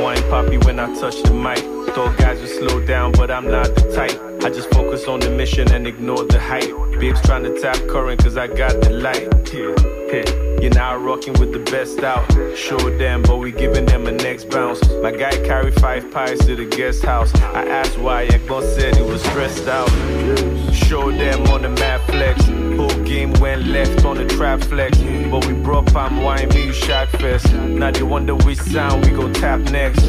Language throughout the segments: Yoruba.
wine poppy when I touch the mic. Thought guys would slow down, but I'm not the type. I just focus on the mission and ignore the hype. Babes trying to tap current, cause I got the light. Yeah, yeah. You're now rocking with the best out. Show them, but we giving them a next bounce. My guy carried five pies to the guest house. I asked why, Ekbon said he was stressed out. Show them on the mad flex. Whole game went left on the trap flex. But we brought palm wine, me shot fest. Now they wonder which sound we gon' tap next.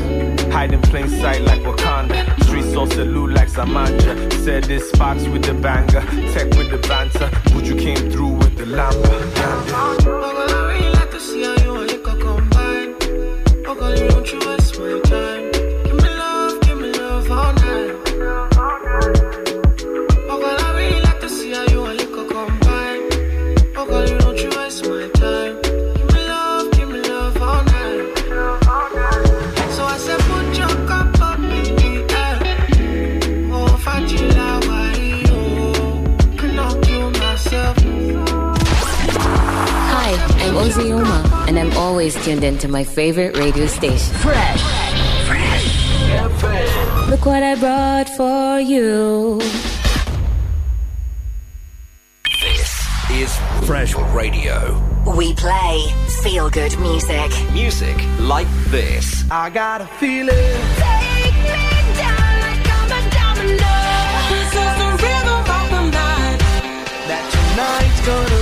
Hide in plain sight like Wakanda. Street sauce loot like Samanja. Said this box with the banger, tech with the banter. Buju came through the lamba grande. Ogólnie, like to see how you and your combine. Ogólnie, don't waste my time. Uma, and I'm always tuned in to my favorite radio station. Fresh. Fresh. Fresh. Look what I brought for you. This is Fresh Radio. We play feel good music. Music like this. I got a feeling. gonna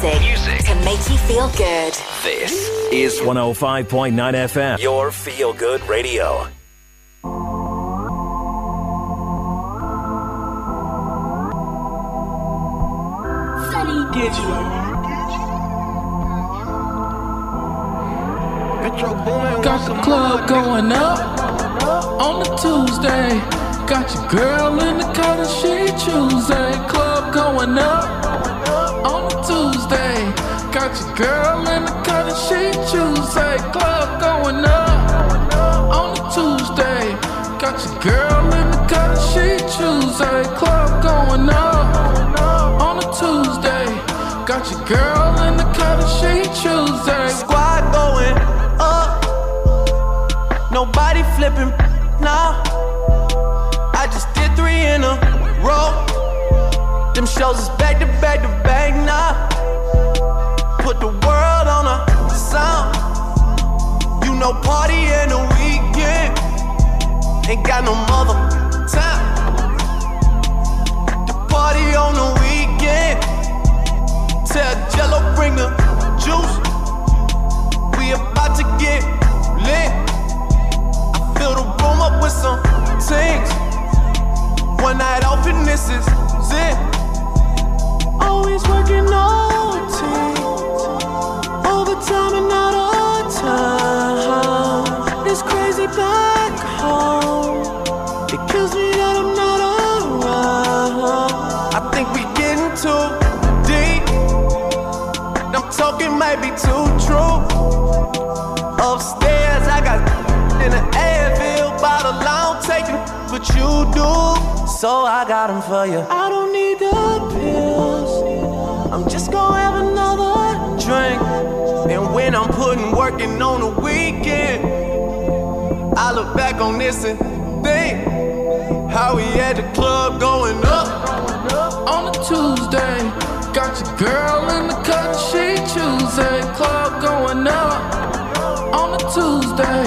music, music can make you feel good. This is 105.9 FM, your feel good radio. Sunny Digital. Got the club going up on a Tuesday. Got your girl in the color she chooses. Club going up on a Tuesday. Got your girl in the cut and she Tuesday. Club going up on a Tuesday. Got your girl in the cut and she Tuesday. Club going up on a Tuesday. Got your girl in the cut and she Tuesday. Squad going up. Nobody flipping now. Nah. I just did three in a row. Them shows is back to back to back now. Put the world on a sound. You know, party in the weekend. Ain't got no mother time. The party on the weekend. Tell Jello, bring the juice. We about to get lit. I fill the room up with some things. One night off and this is it always working overtime and out of It's crazy back home. It kills me that I'm not around. I think we getting too deep. I'm talking might be too true. Upstairs, I got in the Advil bottle. I don't but you do. So I got them for you. I don't need the pills. I'm just gonna have another drink. And when I'm putting working on the weekend, I look back on this and think how we had the club going up on a Tuesday. Got your girl in the cut, she choosing. Club going up on a Tuesday.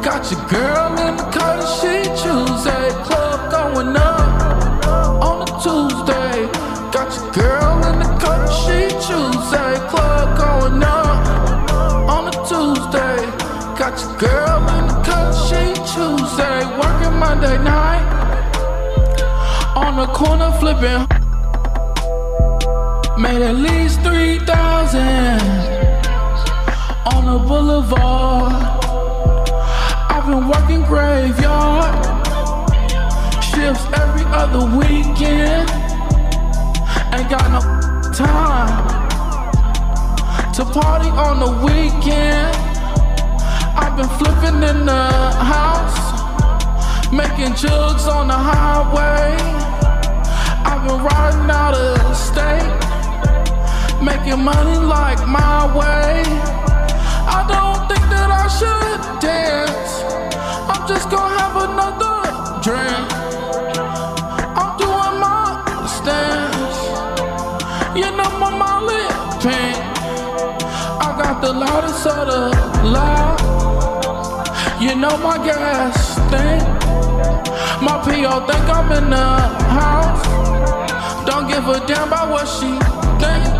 Got your girl in the cut, she choosing. Club going up on a Tuesday. club going up on a Tuesday. Got your girl in the cut, she Tuesday, working Monday night on the corner flipping. Made at least three thousand on the boulevard. I've been working graveyard shifts every other weekend. Ain't got no time to party on the weekend. I've been flipping in the house, making jugs on the highway. I've been riding out of state, making money like my way. I don't think that I should dance. I'm just gonna have another drink. the loudest of the loud. You know my gas thing. My PO think I'm in the house. Don't give a damn about what she think.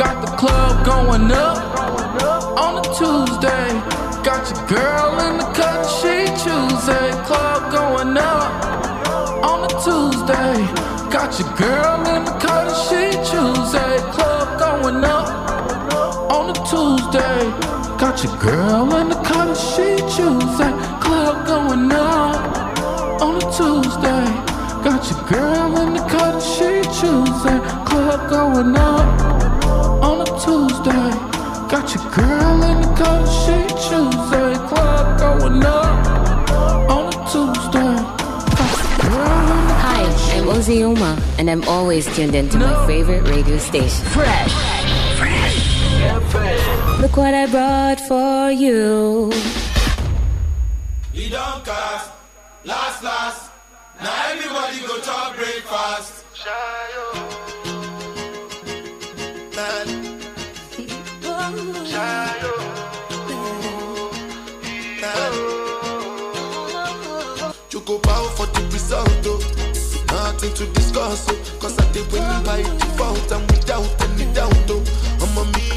Got the club going up on a Tuesday. Got your girl in the cut, she Tuesday. Club going up on a Tuesday. Got your girl in the cut, she Tuesday. Club going up day. Got your girl in the color she Tuesday. Club going out on a Tuesday. Got your girl in the color she Tuesday. Club going out on a Tuesday. Got your girl in the color she Tuesday. Club going out Hi, I'm Ozzy Uma, and I'm always tuned into no. my favorite radio station. Fresh. Fresh. yeah, Fresh. Look what I brought for you. He don't cast, last, last. Now everybody go to breakfast. Shayo. Man. Shayo. You go bow for the result, oh. Nothing to discuss, oh. Cause I did win by default am without any doubt, though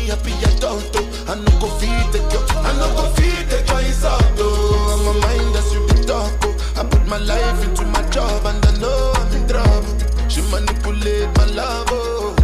me happy at all though. I no go feed the girl. I no go feed the girl is out though. I'm a mind that's you be talk oh. I put my life into my job and I know I'm in trouble. She manipulate my love oh.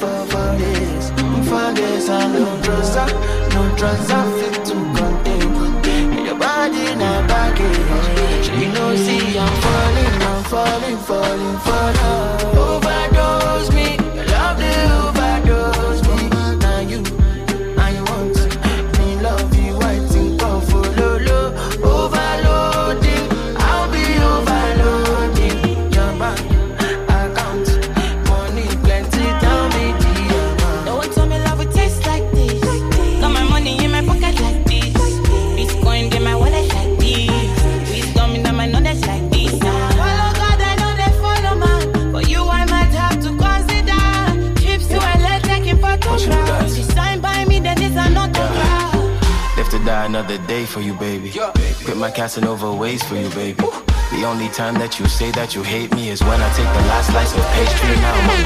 for for this For days, I no trust I No trust I fit to contain your body not baggage You know see I'm falling I'm falling falling falling for you, baby. Put my Casanova ways for you, baby. The only time that you say that you hate me is when I take the last slice of pastry. Now mom,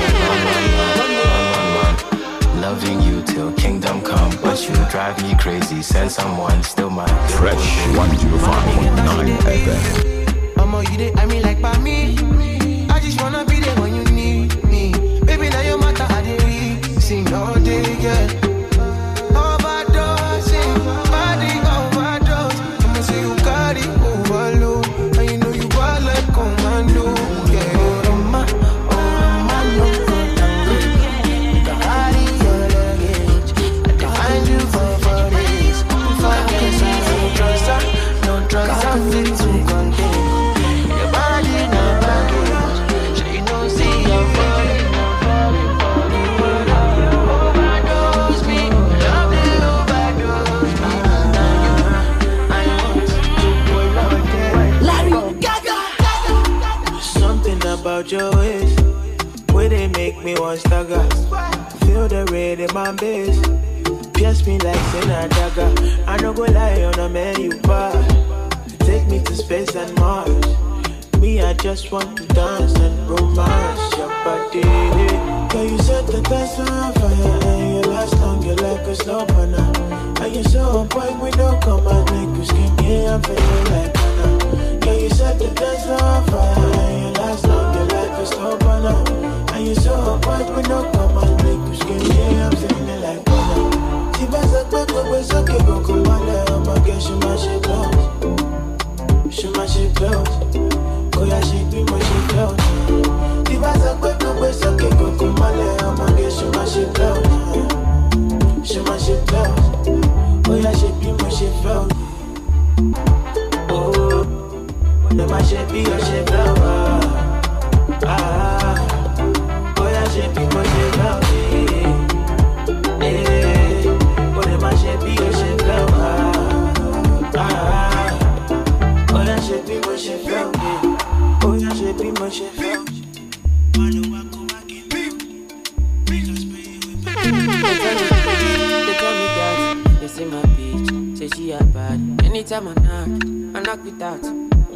mom, mom, mom, mom, Loving you till kingdom come, but you drive me crazy. Send someone, still my fresh 105.9 FM. you did, I mean like by me. I just wanna be there when you need me. Baby, now your matter, I did sing all day, yeah. one stagger. Feel the rhythm and bass. Pierce me like sin a dagger. I no go lie on a menu bar. Take me to space and Mars. Me, I just want to dance and romance your body. Girl, you set the dance on fire and you last longer like a slow burner. And you so on point not come command, like you skinny, I'm feeling like banana. Girl, you set the dance on fire and you last longer like a slow burner. And you so hot when no come and make you skin Yeah, I'm feeling like water Si vas a te tope, so que go con mala Oh my girl, she my shit close She my shit close Go oh, ya she be my shit close Si vas a te tope, so que go con mala Oh my girl, she my shit close She my shit close Go oh, ya she be my shit close Oh, when my shit be your oh, shit close time I knock, I knock without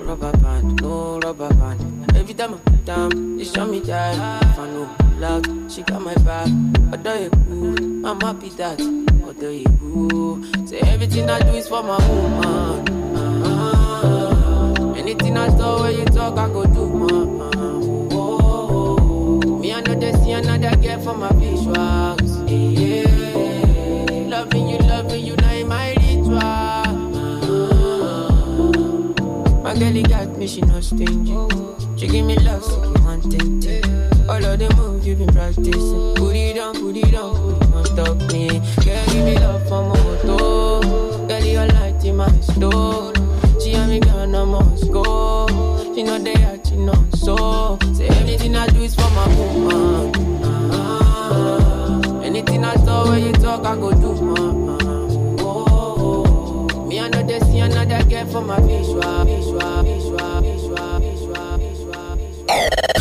rubber band, no rubber band. Every time I put down, they show me that. If I know loud, she got my back. Although you cool, I'm happy that. Although you cool, say everything I do is for my woman. Uh-huh. Anything I do, when you talk, I go do, Uh-huh. Oh, oh, oh. Me, I know they see another girl for my visuals. Yeah. girl got me, she no stingy. She give me love, so want one thing. All of the moves you been practicing. Put it down, put it down, put it on top me. Girl, give me love for my moto. Girl, you light in my store. She and me gone, I must go. She know they are, she know so. Say anything I do is for my woman. Ah, anything I talk, when you talk, I go do, man. care for my visual,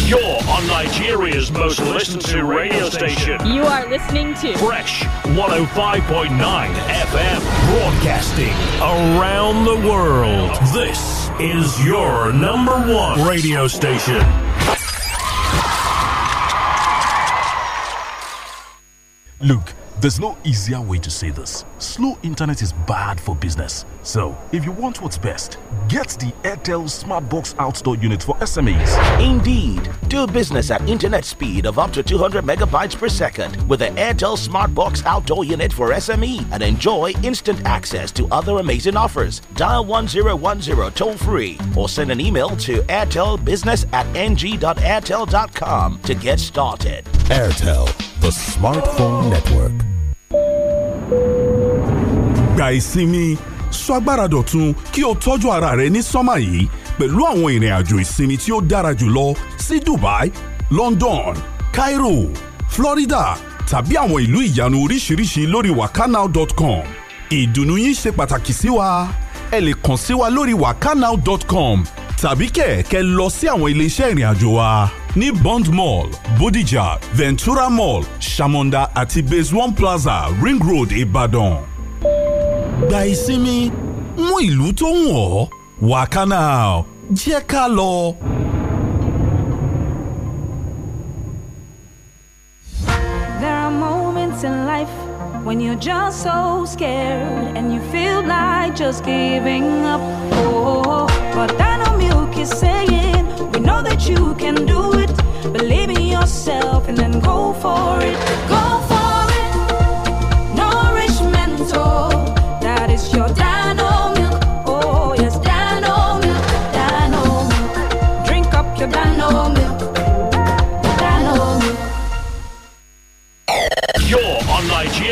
You're on Nigeria's most listened to radio station. You are listening to Fresh 105.9 FM, broadcasting around the world. This is your number one radio station. Look, there's no easier way to say this. Slow internet is bad for business. So, if you want what's best, get the Airtel Smartbox outdoor unit for SMEs. Indeed, do business at internet speed of up to 200 megabytes per second with the Airtel Smartbox outdoor unit for SME and enjoy instant access to other amazing offers. Dial 1010 toll free or send an email to airtelbusiness at ng.airtel.com to get started. Airtel, the smartphone network. Guys, see me. sọ agbára dọ̀tun kí o tọ́jú ara rẹ ní sọ́mà yìí pẹ̀lú àwọn ìrìn àjò ìsinmi tí ó dára jùlọ sí Dubai, London, Cairo, Florida tàbí àwọn ìlú ìyanu oríṣiríṣi lórí wakanow.com ìdùnnú yín ṣe pàtàkì sí wa ẹ lè kàn sí wa lórí wakanow.com tàbí kẹ̀kẹ́ lọ sí àwọn iléeṣẹ́ ìrìn àjò wa ní Bond Mall, Bodija, Ventura Mall, Shamonda àti Base One Plaza, Ring Road, Ìbàdàn. E gba ìsinmi mú ìlú tó ọ́ wá canal jẹ́ ká lọ. There are moments in life when you're just so scared and you feel like just giving up. Oh, but Dino Milk is saying, We know that you can do it. Believe in yourself and then go for it. Go for it.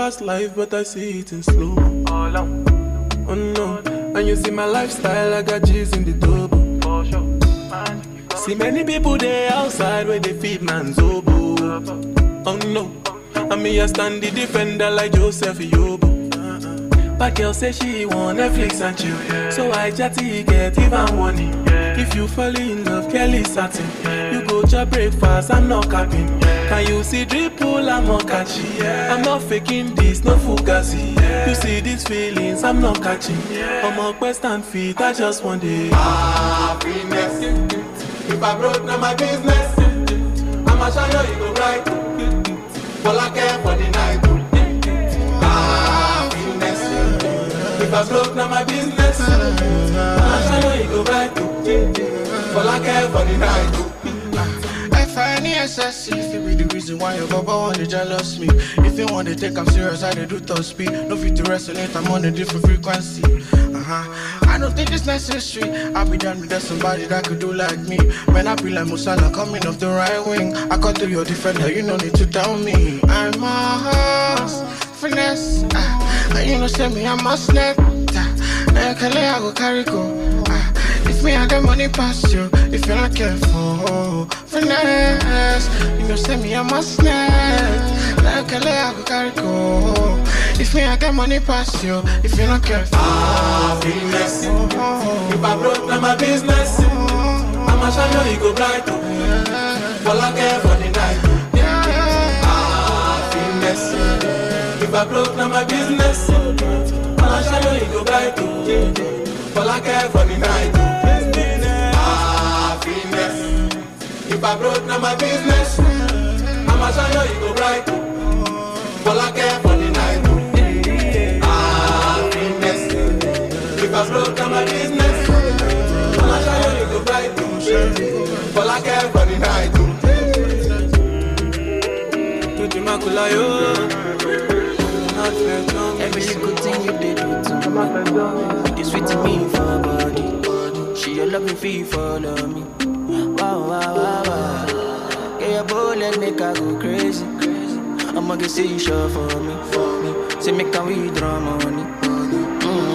fast life, but I see it in slow. Oh no, and you see my lifestyle, I got G's in the double. See many people there outside where they feed man's oboe. Oh no, and me I stand the defender like Joseph Yobo. But girl say she want Netflix and chill yeah. So I chatty get even money. yeah. If you fall in love, Kelly satin yeah. You go to breakfast, I'm not capping yeah. Can you see drip pull I'm not catching yeah. I'm not faking this, no fugazi yeah. You see these feelings I'm not catching yeah. I'm on quest and feet, I just want it Happiness If I broke, now my business I'ma shine you, you go bright But I care for the night Happiness If I broke, now my business I'ma shine you, you go bright But I care for the night find any excessive. If it be the reason why your baba want jealous me. If you wanna take I'm serious, I do top speed. No fit to resonate, I'm on a different frequency. Uh-huh. I don't think it's necessary. I be done with somebody that could do like me. Man, I be like Musala coming off the right wing. I cut through your defender, you no need to tell me. I'm a horse, finesse. Uh, and you know, say me, I'm a snake. Uh, I go carry go. Uh, if me, I get money past you, if you're not careful finesse You know send me a must net Like a lay go carry go If me I get money past you If you not care Ah, finesse oh, If I broke down my business oh, I'ma show you you go bright yeah. For like for the night yeah. Ah, finesse If I broke down my business I'ma show you you go bright For like for the night ah, If I broke, now my business. I'ma know you go bright. All I care for the night. Ah, business. If I broke, now my business. I'ma know you go bright. All I care for the night. Every little thing you did with me, it's sweet to me for body. She a loving me, feel follow me wow, wow, wow, your make I go crazy. I'ma get see you for me, for me. Say make I withdraw money. mm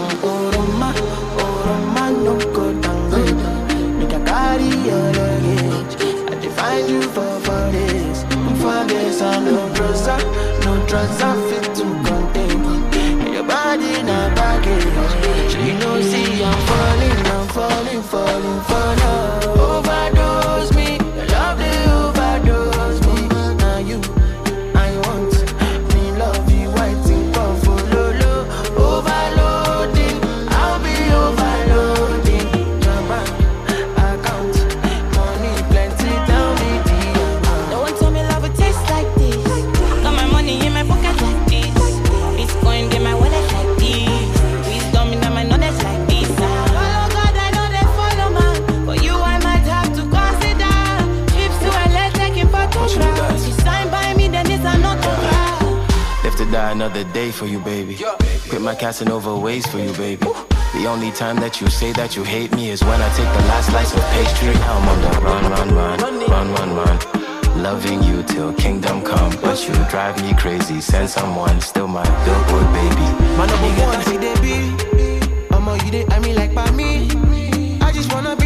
no go I carry your I define you for four days. For days, I'm no trouser, no trouser fit. for you, baby. Quit my Casanova ways for you, baby. The only time that you say that you hate me is when I take the last slice of pastry. Now I'm on the run, run, run, run, run, run. Loving you till kingdom come, but you drive me crazy. Send someone, still my billboard baby. My number one, say they be. I'm all you did, I mean like by me. I just wanna be.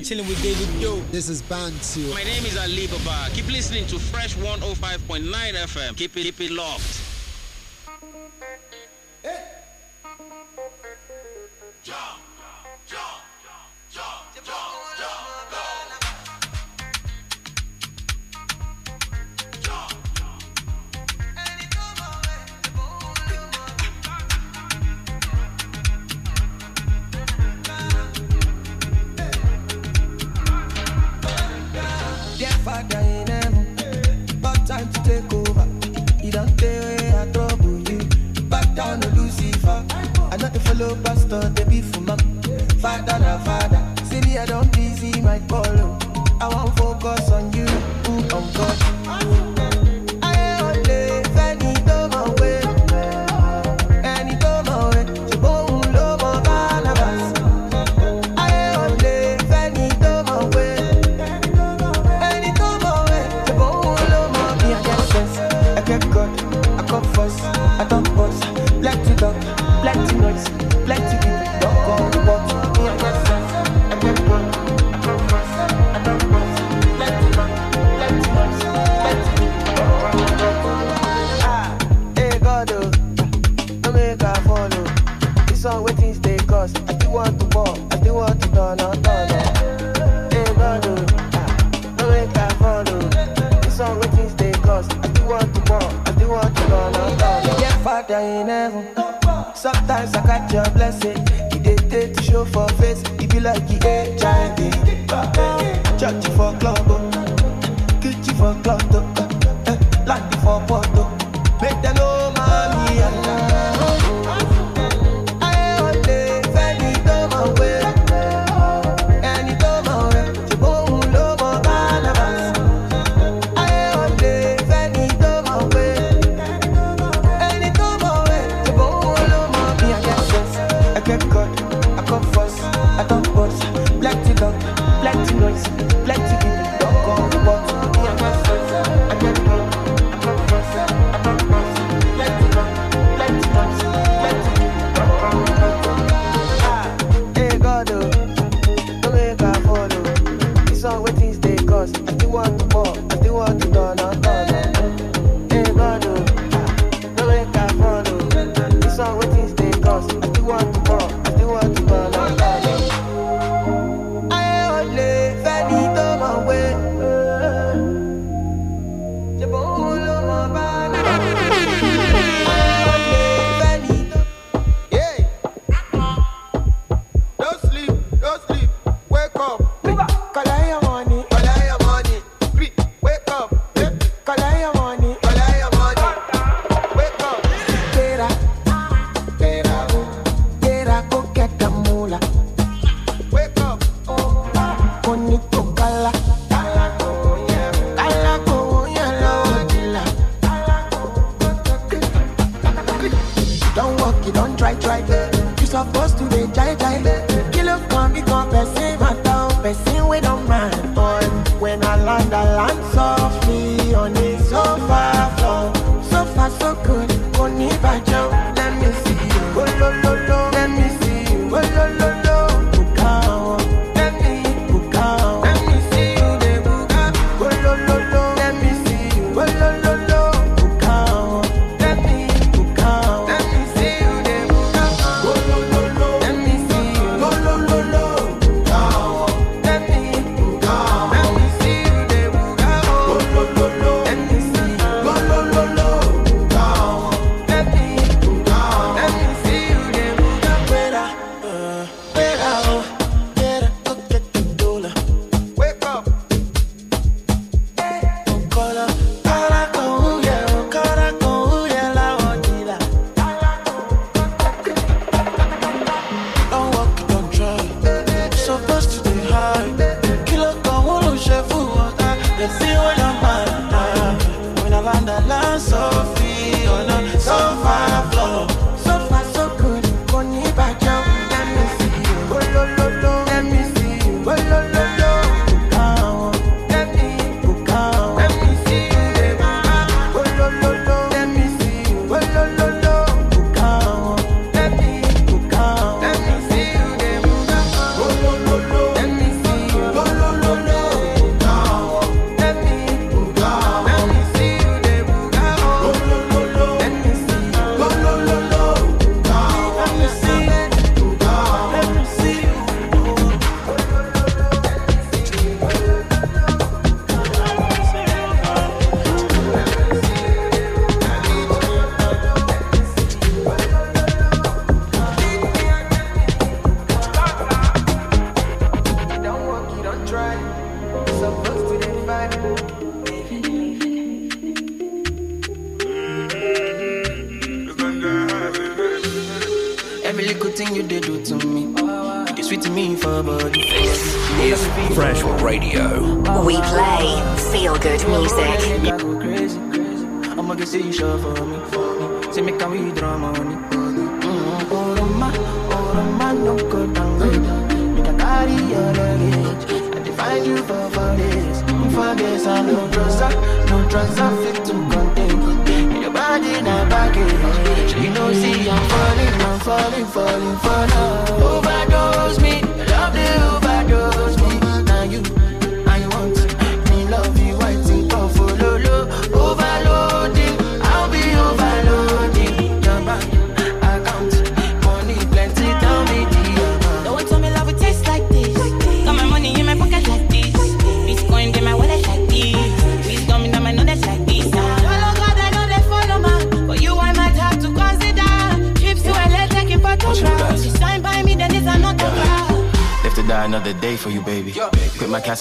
are chilling with David Yo. This is Bantu. 2. My name is Ali Baba. Keep listening to Fresh 105.9 FM. Keep it, keep it locked.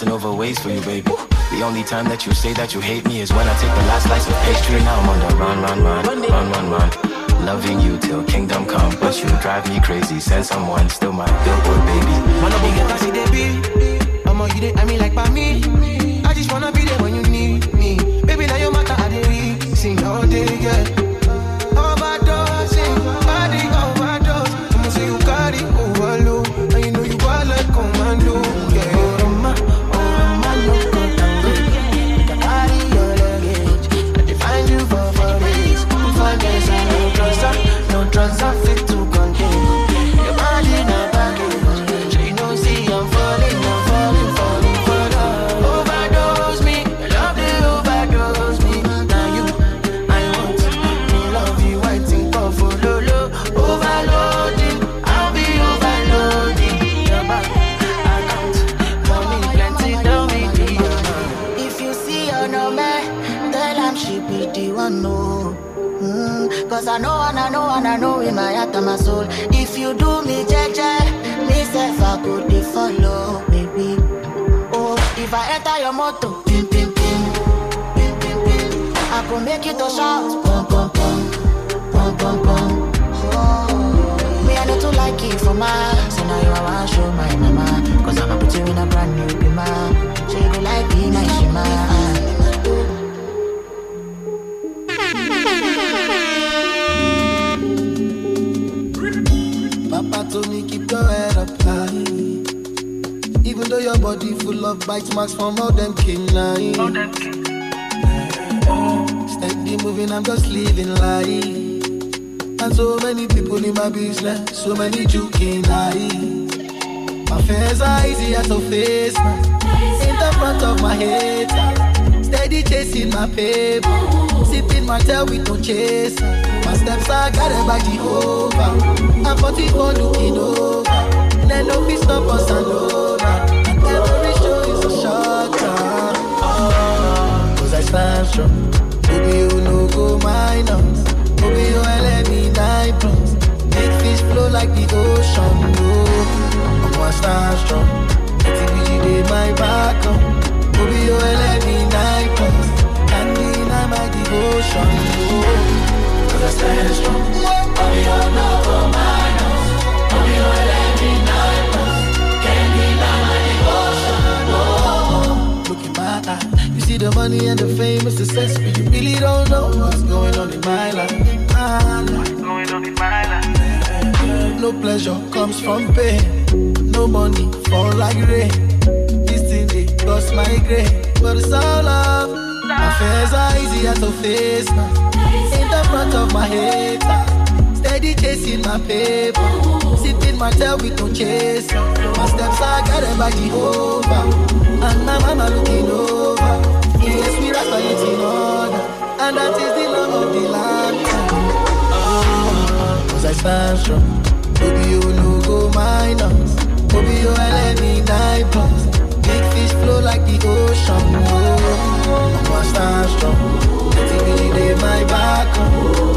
passing ways for you, baby. The only time that you say that you hate me is when I take the last slice of pastry. Now I'm on the run, run, run, run, run, run. Loving you till kingdom come, but you drive me crazy. Send someone, still my billboard baby. Man, I get that see they be. I'm on you, I mean like by me. I just wanna be there when you need. go dey follow, baby. Oh, if I enter your motor, ping, ping, ping, pim pim pim, I go make you to shout, pum pum pum, pum pum pum. Oh, me I know to like it for my, so now you I want show my mama, cause I'ma put you in a brand new bima. love bites marks from all them king lines. Steady moving, I'm just living life. And so many people in my business, so many juking eyes. My fears are easier to face now. In the front of my head, steady chasing my paper. Sipping my tail with no chaser. My steps are guided by Jehovah. I'm 44 looking over. Then no peace, no boss, and over. And sanction. Baby, you no go minus. Baby, you let me die plus. Big fish flow like the ocean. Oh, I'm a star strong. ATBG be my back up. Baby, you let me die plus. And my devotion. Oh, I'm I strong. Baby, you no go minus. Baby, you let me die see the money and the fame and success, but you really don't know what's going on in my life. My life. What's going on in my life? No pleasure comes from pain. No money fall like rain. This thing they my grave. but it's all love. Affairs are easier to face man. In the front of my head, ah. steady chasing my paper. Sitting my tail with no chase. My steps are guided by Jehovah, and my mama look mansion. you no go minus. Baby, you let me die plus. Big fish flow like the ocean. Oh, I'm a star strong. Baby, they my back. Oh.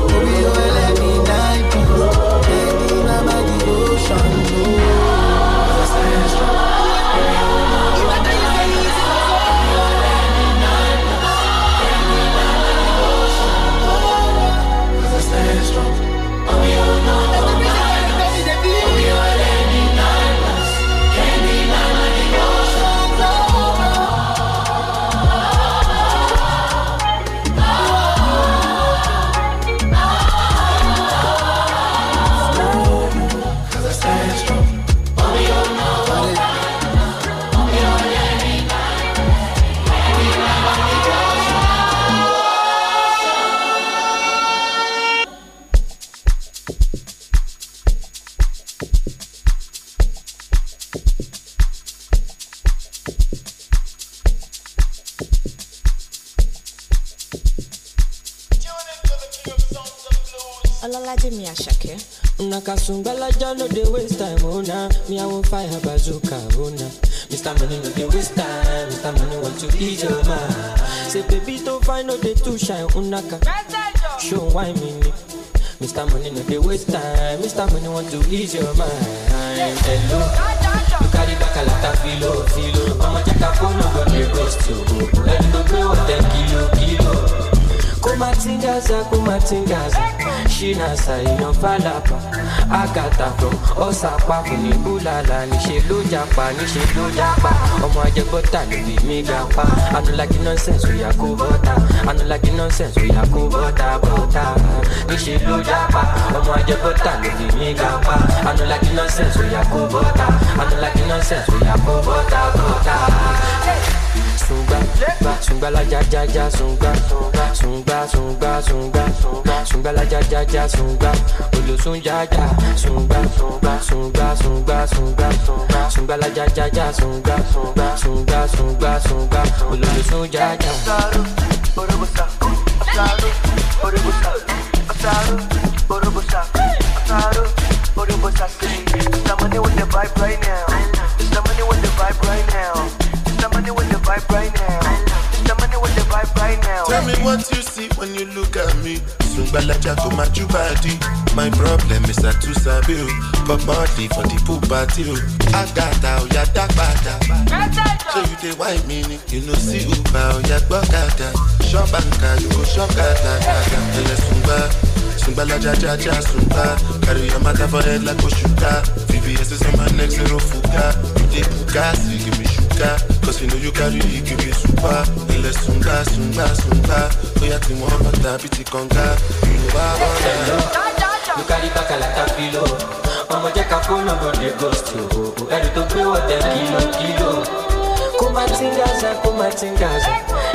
I know they too shy, unaka. Show why me. Mr. Money no dey waste time. Mr. Money want to ease your mind. Hello. You carry back a lot of filo, filo. Mama Jacka, phone number, they waste to go. Let me go, 10 kilo, kilo kumatsingaza kumatsingaza shinasa inofalapa agatafro ọsàpapọ̀ ní búlàlà níṣẹ́ ló japa níṣẹ́ ló japa ọmọ ajẹ bọ́tà lórí mi gapa anulagi nonsense oya kó bọ́tà anulagi nonsense oya kó bọ́tà bọ́tà níṣẹ́ ló japa ọmọ ajẹ bọ́tà lórí mi gapa anulagi nonsense oya kó bọ́tà anulagi nonsense oya kó bọ́tà bọ́tà. Hey sunga, sunga la ja ja ja sunga, sunga sunga sunga, sunga la ja ja ja sunga, olo sunja ja sunga, sunga sunga sunga, sunga la ja ja ja sunga, sunga sunga sunga, olo sunja ja. Orobusa, asaru, orobusa, asaru, orobusa, asaru, orobusa, sing. Somebody with the vibe right now. Somebody with the vibe right now right now. It's the money with the vibe right now. Tell me what you see when you look at me. Sungbala jago maju body. My problem is I too sabi o, but body for the pool party o. Oh. Agata oya oh, dagbada. So you dey white meaning you no see uba oh, oya gbọgada. Ṣọ́bàǹkà you go ṣọ́gàdà dàgbà. Ẹlẹ́sùngbà. Sumba la jaja ja sumba Carry your matter for head like Oshuka VVS is on my neck, zero fuka You dey buka, so me Sunda. Cause you know you carry it, give it super. Ile Sunda, Sunda, Sunda. Oya ti wọn bàtà bí ti kànga. You know I wanna. You carry back a like a pillow. Ọmọ jẹ́ ká fóònù bò dé ghost o. Ẹ̀rù tó gbé wọ̀tẹ̀ kìlọ̀ kìlọ̀. Kó má ti ń gaza, kó má ti ń gaza.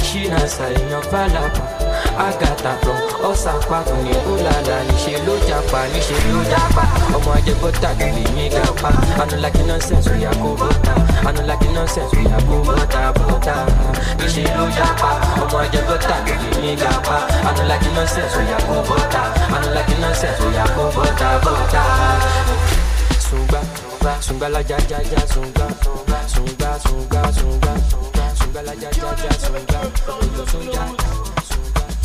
Ṣí na sàlẹ̀ yan fàlàbà àgàtà from ọ̀sàpá kò ní kúlàlà níṣẹ́ ló japa níṣẹ́ ló japa ọmọ ajé bọ́tà kò lè yín gapa anulaki nonsense òyà kó bọ́tà anulaki nonsense òyà kó bọ́tà bọ́tà níṣẹ́ ló japa ọmọ ajé bọ́tà kò lè yín gapa anulaki nonsense òyà kó bọ́tà anulaki nonsense òyà kó bọ́tà bọ́tà. Sungba, sungba la ja ja ja sungba, sungba sungba sungba, sungba la ja ja ja sungba, ojo sungba.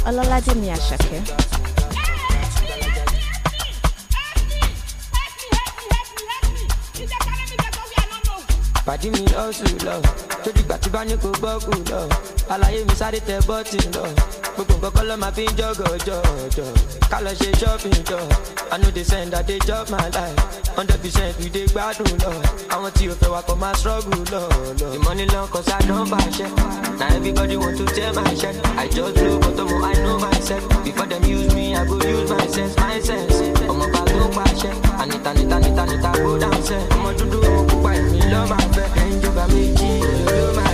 Ọlọ́lájìmí Àṣàkẹ́. pàdí mi ọ̀sùn lọ tó dìgbà tí bá ní kó gbọ́ kù lọ àlàyé mi sáré tẹ bọ́ọ̀tì lọ gbogbo nǹkan kọ́ ló máa fi ń jọ́gọ̀ jọ̀jọ̀ ká lọ ṣe shopping jọ i no dey send i dey chop my life hundred percent we dey gbádùn lọ àwọn tí o fẹ́ wa kọ́ máa struggle lọ lọ. ìmọ̀ni lọ kọ́ sá dán bá ṣẹ́ na everybody want to tell my ṣẹ́ i just blow bottom o i know myself before dem use me i go use my sense my sense ọmọ bá tó pa ṣẹ́ anita nita nita nita go down sẹ́ ọmọ dúdú òkú pa ìmí lọ́ọ́ máa fẹ́ ẹ̀yin jọba méjì ló máa.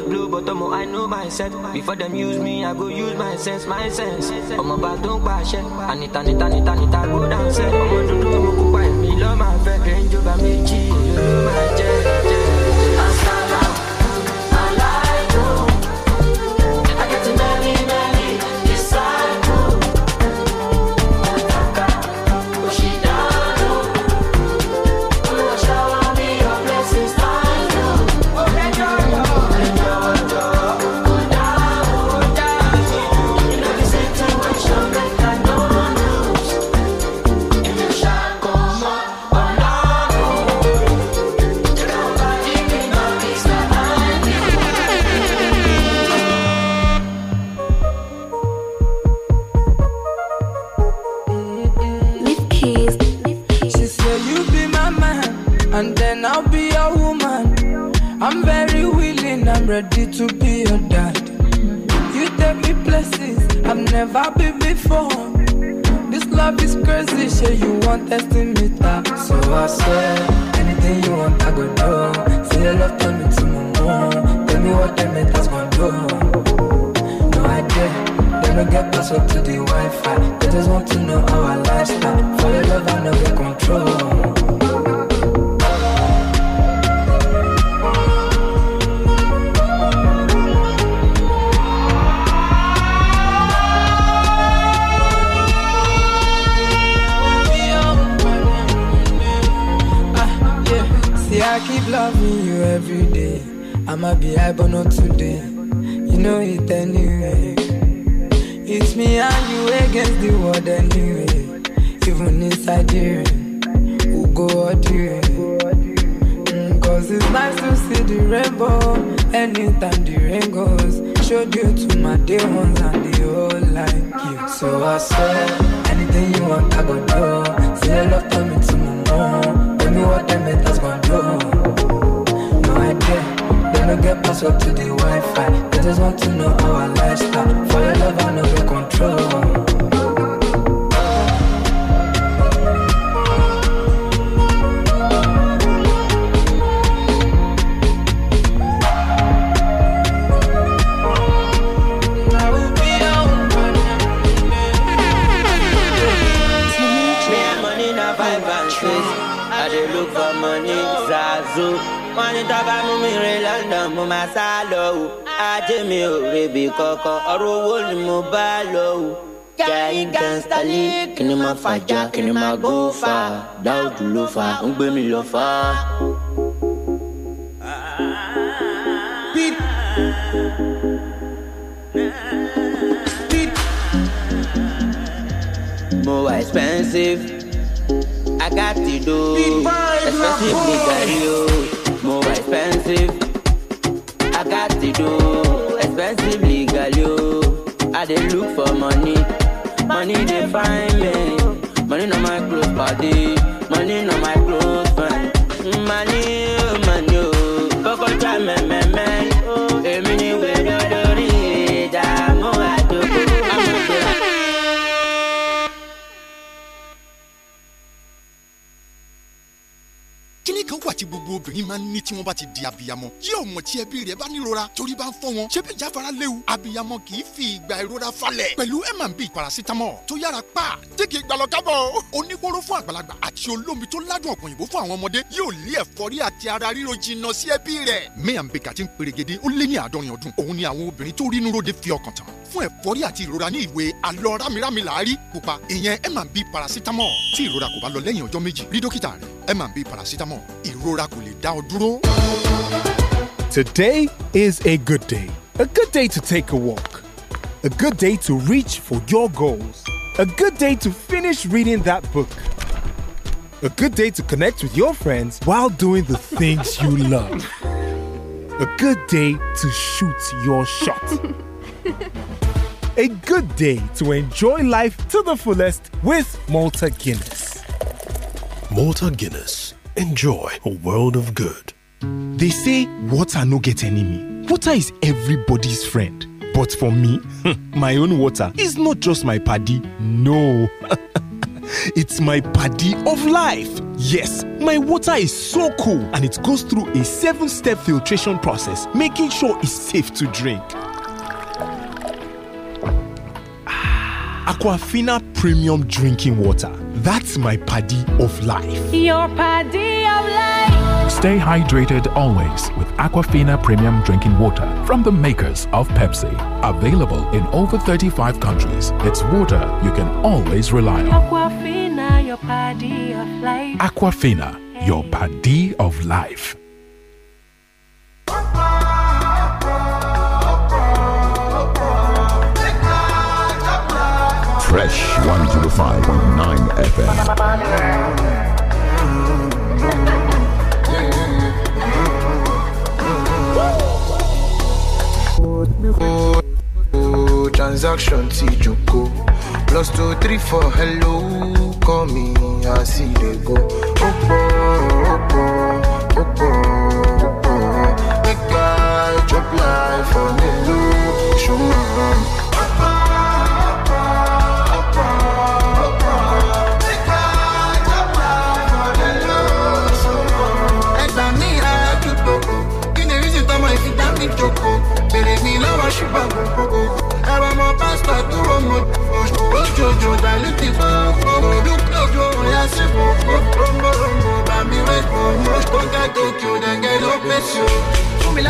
was blue, but I'm I know myself. Before them use me, I go use my sense, my sense. I'm about to pass it. I need, I need, I need, I need, I go down I'm gonna do, I'm gonna find me, love my friend. angel, over me, G, you know my jet. even inside here, we'll go out here. Mm, Cause it's nice to see the rainbow. Anytime the rain goes, showed you to my demons ones and they all like you. So I swear, anything you want, I go do. Say me to me tomorrow. Tell me what them haters gon' do. No idea, they do get password to the Wi-Fi. They just want to know our lifestyle. For your love, I know your control. mo máa sá lọ o ajé mi ò rebi kankan ọ̀rọ̀ owó ni mo bá lọ o. Kẹ́hìn gangsta lé kí máa fàjà kí máa gó fa dáòdù ló fa ń gbé mi lọ fa. Mo wà expensive, I got to do, especially gari o, mo wà expensive. the dough, expensive legally. Oh. I dey look for money, money dey find me. Money not my close party, money not my close friend. Money, oh money, oh, cocoa time tí gbogbo obìnrin máa ń ní tí wọ́n bá ti di abiyamọ. yí ọmọ tí ẹbí rẹ bá nírora torí bá ń fọ́ wọn ṣé bí jáfara léwu abiyamọ kì í fi ìgbà ìrora falẹ̀. pẹ̀lú M&B paracetamol tó yára pa dígì ìgbàlọ́kábọ̀. oníkóró fún àgbàlagbà àti olómi tó ládùn ọ̀gbìn ìbò fún àwọn ọmọdé yóò lé ẹ̀fọ́rí àti ara ríro jìnnà sí ẹbí rẹ̀. M&B kàti ń perégedé ó lé ní àádọ́rin ọdún òun ni àwọn obìnrin tó rí inú fi ọkàn tán fún ẹ̀fọ́rí àti ìrora ní ìwé alọ́ rámírámí làárí pupa ìyẹn M&B paracetamol tí ìrora kò bá lọ lẹ́yìn ọjọ́ méjì rí dókítà rẹ̀ kò lè dá ọ dúró. Today is a good day. A good day to take a walk. A good day to reach for your goals. A good day to finish reading that book. A good day to connect with your friends while doing the things you love. A good day to shoot your shot. a good day to enjoy life to the fullest with Malta Guinness. Malta Guinness enjoy a world of good. They say water no get enemy. Water is everybody's friend. But for me, my own water is not just my paddy. No. It's my paddy of life. Yes, my water is so cool and it goes through a seven step filtration process, making sure it's safe to drink. Ah, Aquafina Premium Drinking Water that's my paddy of life. Your paddy of life. Stay hydrated always with Aquafina Premium Drinking Water from the makers of Pepsi. Available in over 35 countries, it's water you can always rely on. Aquafina, your paddy of life. Aquafina, your paddy of life. Fresh 105.9 FM. Transaction see Joko Plus two three four hello call me I see they go Opo Opo Opo Opo Make I drop life on the low Show jókòó bèrè mi lọ́wọ́ ṣùgbọ́n gbogbo ẹ̀rọ ọmọ pásítọ̀ dúró mo ojoojò dàlú ti fọ́ ọdún lójú ìyá sí mo rombo rombo bá mi rẹ́kọ̀ mo tó ga tokyo dẹ̀gẹ́ ló pèsè o fún mi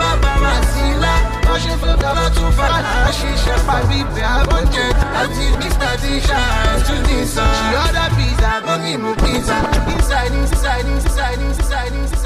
bá bá wà sí ilá wọ́n ṣe fún tọ́lá tún fà á ṣiṣẹ́ pàbí ibẹ̀ àbọ̀jẹ àti mr tisha tún ní sàn. she order pizza bọ́ọ̀gì mú pizza inside inside inside inside inside.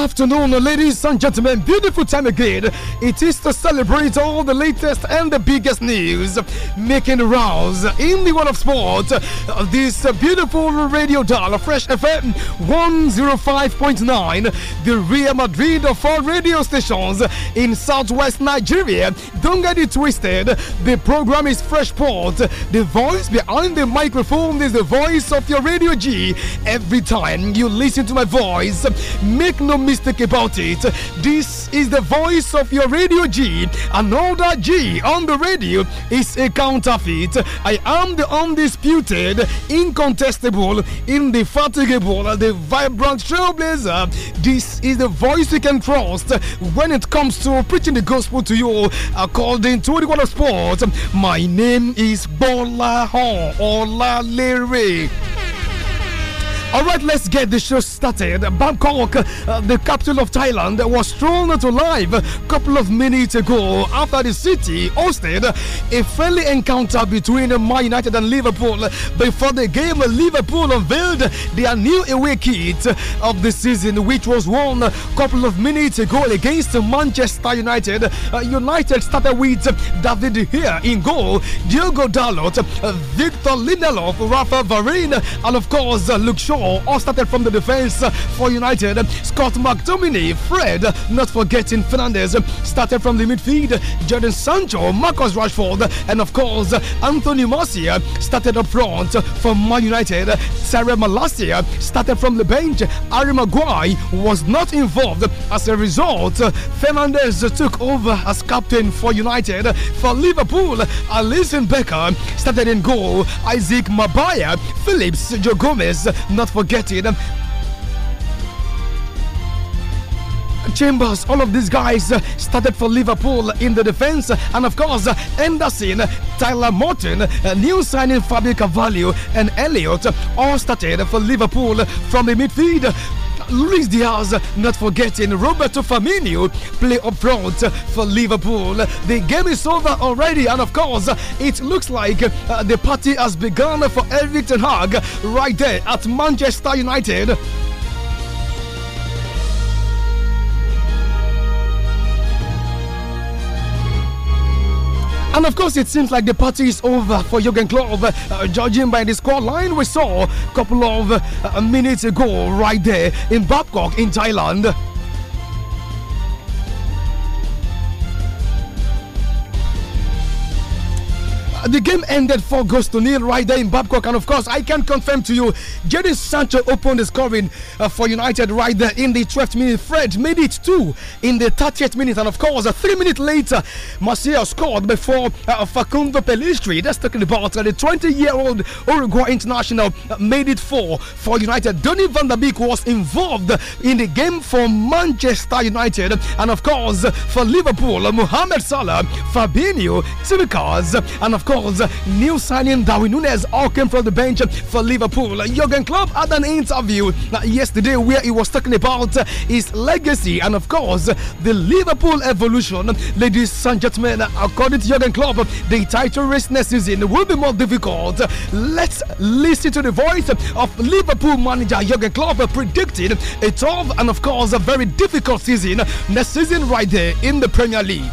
afternoon, ladies and gentlemen. Beautiful time again it is to celebrate all the latest and the biggest news making rounds in the world of sport. Uh, this uh, beautiful radio dial, Fresh FM 105.9, the Real Madrid of all radio stations in southwest Nigeria. Don't get it twisted. The program is Fresh Port. The voice behind the microphone is the voice of your radio G. Every time you listen to my voice, make no mistake about it. This is the voice of your radio G, another G on the radio is a counterfeit. I am the undisputed, incontestable, indefatigable, the vibrant trailblazer. This is the voice you can trust when it comes to preaching the gospel to you according to the word of sport. My name is Bola Hon Olalere. All right, let's get the show started. Bangkok, uh, the capital of Thailand, was thrown to life a couple of minutes ago after the city hosted a friendly encounter between Man United and Liverpool. Before the game, Liverpool unveiled their new away kit of the season, which was won a couple of minutes ago against Manchester United. Uh, United started with David here in goal, Diogo Dalot, uh, Victor Lindelof, Rafa Varane, and of course, uh, Luke Shaw all started from the defense for United. Scott McTominay, Fred, not forgetting Fernandez, started from the midfield. Jordan Sancho, Marcus Rashford, and of course, Anthony Marcia started up front for Man United. Sarah Malasia started from the bench. Harry Maguire was not involved. As a result, Fernandez took over as captain for United. For Liverpool, Alison Becker started in goal. Isaac Mabaya, Phillips, Joe Gomez, not forgetting um, Chambers, all of these guys uh, started for Liverpool in the defense, uh, and of course, uh, Anderson, Tyler Morton, new signing Fabio Cavallo, and Elliot all started for Liverpool from the midfield. Luis Diaz, not forgetting Roberto Firmino, play up front for Liverpool. The game is over already, and of course, it looks like uh, the party has begun for Eric Ten Hag right there at Manchester United. And of course, it seems like the party is over for Jurgen Klopp, uh, judging by the scoreline we saw a couple of uh, minutes ago, right there in Bangkok, in Thailand. the game ended four goals to nil right there in Babcock, and of course, I can confirm to you, Jadon Sancho opened the scoring uh, for United right there in the 12th minute. Fred made it two in the 30th minute, and of course, uh, three minutes later, Masia scored before uh, Facundo Pelistri. That's talking about uh, the 20-year-old Uruguay international uh, made it four for United. Donny van der Beek was involved in the game for Manchester United, and of course, for Liverpool, Mohamed Salah, Fabinho, Tsimikas, and of course goals. New signing Darwin Nunes all came from the bench for Liverpool. Jurgen Klopp had an interview yesterday where he was talking about his legacy and, of course, the Liverpool evolution. Ladies and gentlemen, according to Jurgen Klopp, the title race next season will be more difficult. Let's listen to the voice of Liverpool manager Jurgen Klopp predicting a tough and, of course, a very difficult season next season right there in the Premier League.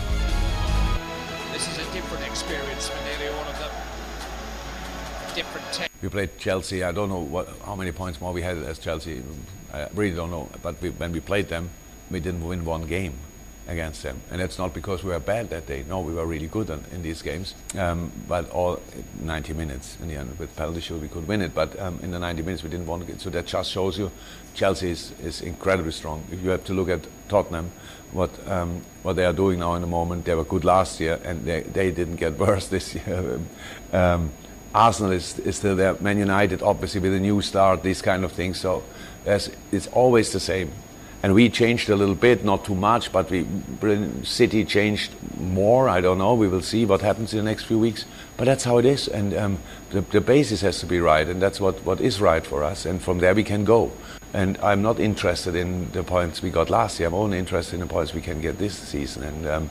different We played Chelsea. I don't know what, how many points more we had as Chelsea. I really don't know. But we, when we played them, we didn't win one game against them. And that's not because we were bad that day. No, we were really good in these games. Um, but all 90 minutes in the end, with penalty shoot, we could win it. But um, in the 90 minutes, we didn't want it. So that just shows you Chelsea is, is incredibly strong. If you have to look at Tottenham, what um, what they are doing now in the moment, they were good last year and they, they didn't get worse this year. Um, Arsenal is, is still there, Man United obviously with a new start, these kind of things. So it's always the same. And we changed a little bit, not too much, but we City changed more. I don't know. We will see what happens in the next few weeks. But that's how it is, and um, the, the basis has to be right, and that's what, what is right for us. And from there we can go. And I'm not interested in the points we got last year. I'm only interested in the points we can get this season. And um,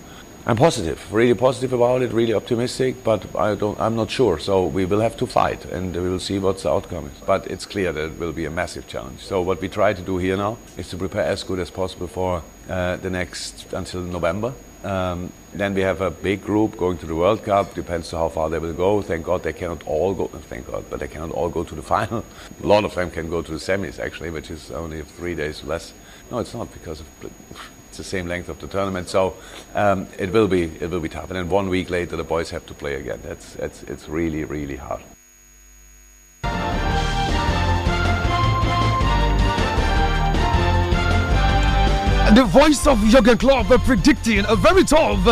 I'm positive, really positive about it, really optimistic, but I don't, I'm not sure. So we will have to fight and we will see what the outcome is. But it's clear that it will be a massive challenge. So what we try to do here now is to prepare as good as possible for uh, the next, until November. Um, then we have a big group going to the World Cup. Depends on how far they will go. Thank God they cannot all go. Thank God, but they cannot all go to the final. a lot of them can go to the semis actually, which is only three days less. No, it's not because of. It's the same length of the tournament, so um, it will be it will be tough. And then one week later, the boys have to play again. That's it's it's really really hard. The voice of Jurgen Klopp predicting a very tough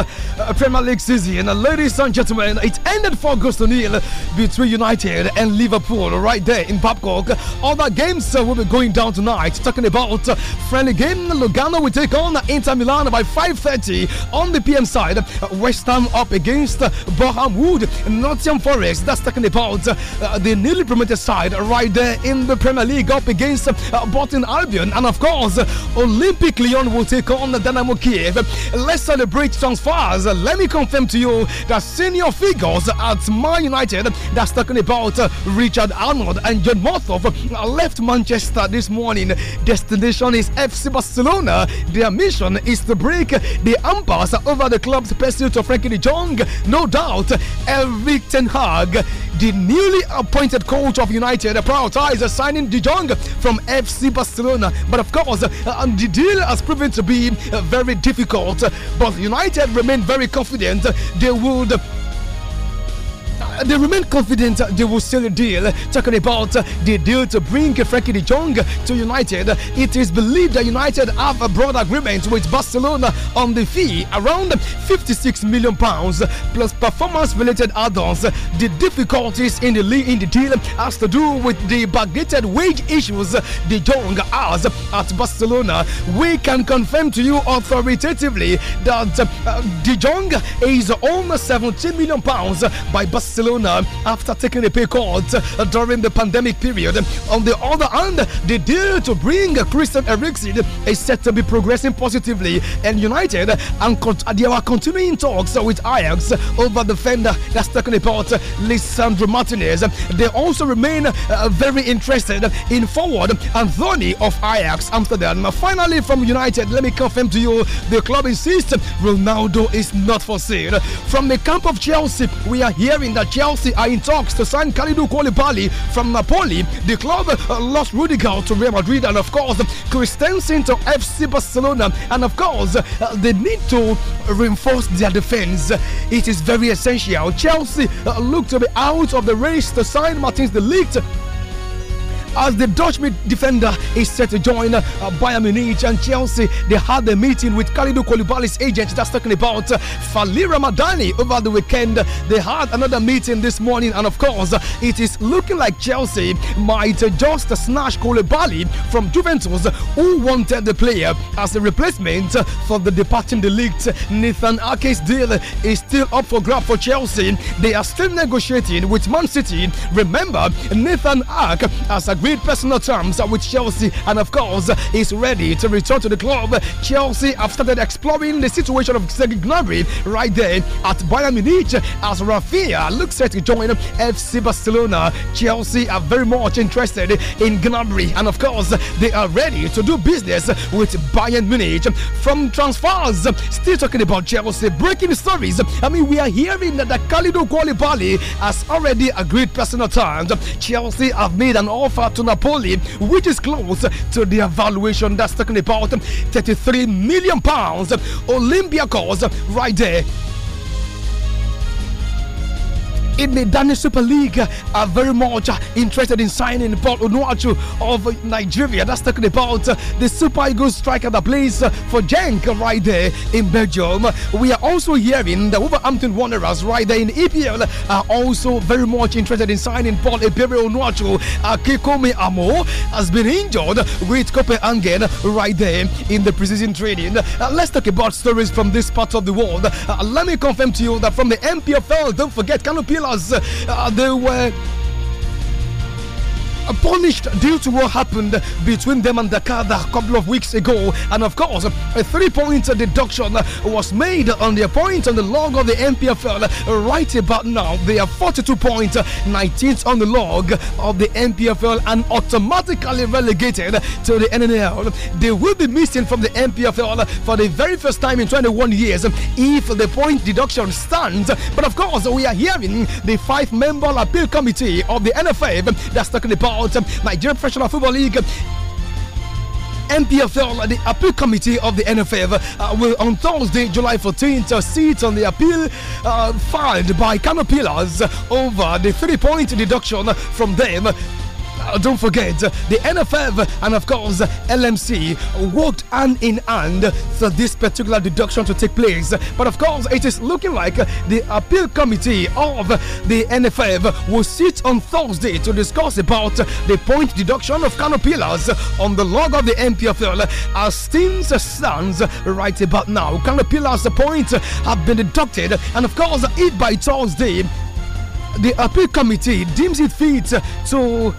Premier League season. ladies and gentlemen, it ended for Gusto Neil between United and Liverpool right there in Babcock. Other games uh, will be going down tonight. Talking about uh, friendly game, Lugano will take on Inter Milan by 5.30 on the PM side. West Ham up against uh, Boham Wood, Nottingham Forest. That's talking about uh, the newly promoted side right there in the Premier League up against Bolton Albion. And of course, Olympic Lyon will take on the Dynamo Kiev. Let's celebrate transfers. Let me confirm to you that senior figures at Man United, that's talking about Richard Arnold and John Mothoff, left Manchester this morning. Destination is FC Barcelona. Their mission is to break the ambers over the club's pursuit of Frankie de Jong. No doubt, Eric Ten Hag the newly appointed coach of United prioritized signing De Jong from FC Barcelona. But of course, uh, the deal has proven to be uh, very difficult. Uh, but United remain very confident uh, they would they remain confident they will seal the deal. Talking about the deal to bring Frankie de Jong to United, it is believed that United have a broad agreement with Barcelona on the fee around 56 million pounds plus performance-related add-ons. The difficulties in the league in the deal has to do with the bargated wage issues de Jong has at Barcelona. We can confirm to you authoritatively that uh, de Jong is on 17 million pounds by Barcelona Barcelona after taking a pay cut during the pandemic period. On the other hand, the deal to bring Christian Eriksen is set to be progressing positively, and United and they are continuing talks with Ajax over the fender that's talking about Lisandro Martinez. They also remain uh, very interested in forward Anthony of Ajax Amsterdam. Finally, from United, let me confirm to you the club insists Ronaldo is not for sale. From the camp of Chelsea, we are hearing that Chelsea are in talks to sign Kalidou Koulibaly from Napoli. The club uh, lost Rudiger to Real Madrid and, of course, Christensen to FC Barcelona. And, of course, uh, they need to reinforce their defense. It is very essential. Chelsea uh, look to be out of the race to sign Martins de Ligt as the Dutch mid defender is set to join uh, Bayern Munich and Chelsea. They had a meeting with Kalidou Koulibaly's agent that's talking about uh, over the weekend. They had another meeting this morning, and of course, uh, it is looking like Chelsea might uh, just snatch Koulibaly from Juventus, who wanted the player as a replacement uh, for the departing delict. Nathan Ake's deal is still up for grab for Chelsea. They are still negotiating with Man City. Remember, Nathan Ake has agreed agreed personal terms with Chelsea and, of course, is ready to return to the club. Chelsea have started exploring the situation of Sergei Gnabry right there at Bayern Munich as Rafinha looks set to join FC Barcelona. Chelsea are very much interested in Gnabry and, of course, they are ready to do business with Bayern Munich. From transfers, still talking about Chelsea breaking stories. I mean, we are hearing that Khalidou Koulibaly has already agreed personal terms. Chelsea have made an offer to Napoli, which is close to the valuation that's talking about 33 million pounds. Olympiacos right there in the Danish Super League are uh, very much uh, interested in signing Paul Unuachu of Nigeria. That's talking about uh, the Super Eagles striker that plays for Genk right there in Belgium. We are also hearing the Wolverhampton Wanderers right there in EPL are also very much interested in signing Paul Ebere Unuachu. Akikomi Amo has been injured with Copenhagen right there in the preseason training. Uh, let's talk about stories from this part of the world. Uh, let me confirm to you that from the MPFL, don't forget Canopy Villas. Uh, they were uh, punished due to what happened between them and Dakar a couple of weeks ago. And of course, a three point deduction was made on their point on the log of the MPFL right about now. They are 42 points, 19th on the log of the MPFL and automatically relegated to the NNL. They will be missing from the MPFL for the very first time in 21 years if the point deduction stands. But of course, we are hearing the five member appeal committee of the NFA that's talking about about um, Nigeria Professional Football League. Um, NPFL, the appeal committee of the NFF, uh, will on Thursday, July 14th, uh, sit on the appeal uh, filed by Cano over the three point deduction from them uh, don't forget, the NFF and of course LMC worked hand in hand for this particular deduction to take place. But of course, it is looking like the appeal committee of the NFF will sit on Thursday to discuss about the point deduction of canopillars on the log of the MPFL as things stands right about now. Canopillars point have been deducted, and of course, if by Thursday the appeal committee deems it fit to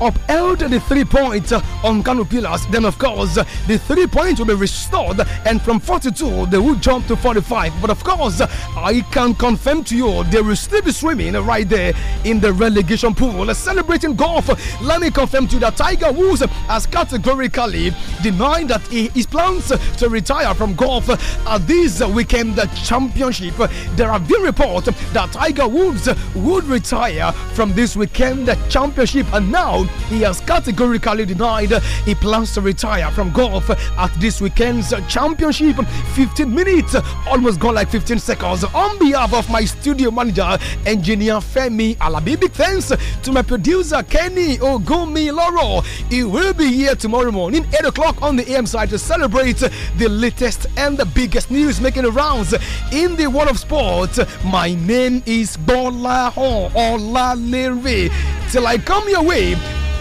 upheld the three points on Kano Pillars, then of course the three points will be restored, and from 42 they will jump to 45. But of course, I can confirm to you they will still be swimming right there in the relegation pool. Celebrating golf, let me confirm to you that Tiger Woods has categorically denied that he is plans to retire from golf at this weekend championship. There have been reports that Tiger Woods would retire from this weekend championship, and now he has categorically denied he plans to retire from golf at this weekend's championship. 15 minutes, almost gone like 15 seconds. On behalf of my studio manager, engineer Femi Alabi, big thanks to my producer Kenny Ogumi Loro. He will be here tomorrow morning, 8 o'clock on the AM side to celebrate the latest and the biggest news making the rounds in the world of sports. My name is Bola Hon Olalere. Till I come your way,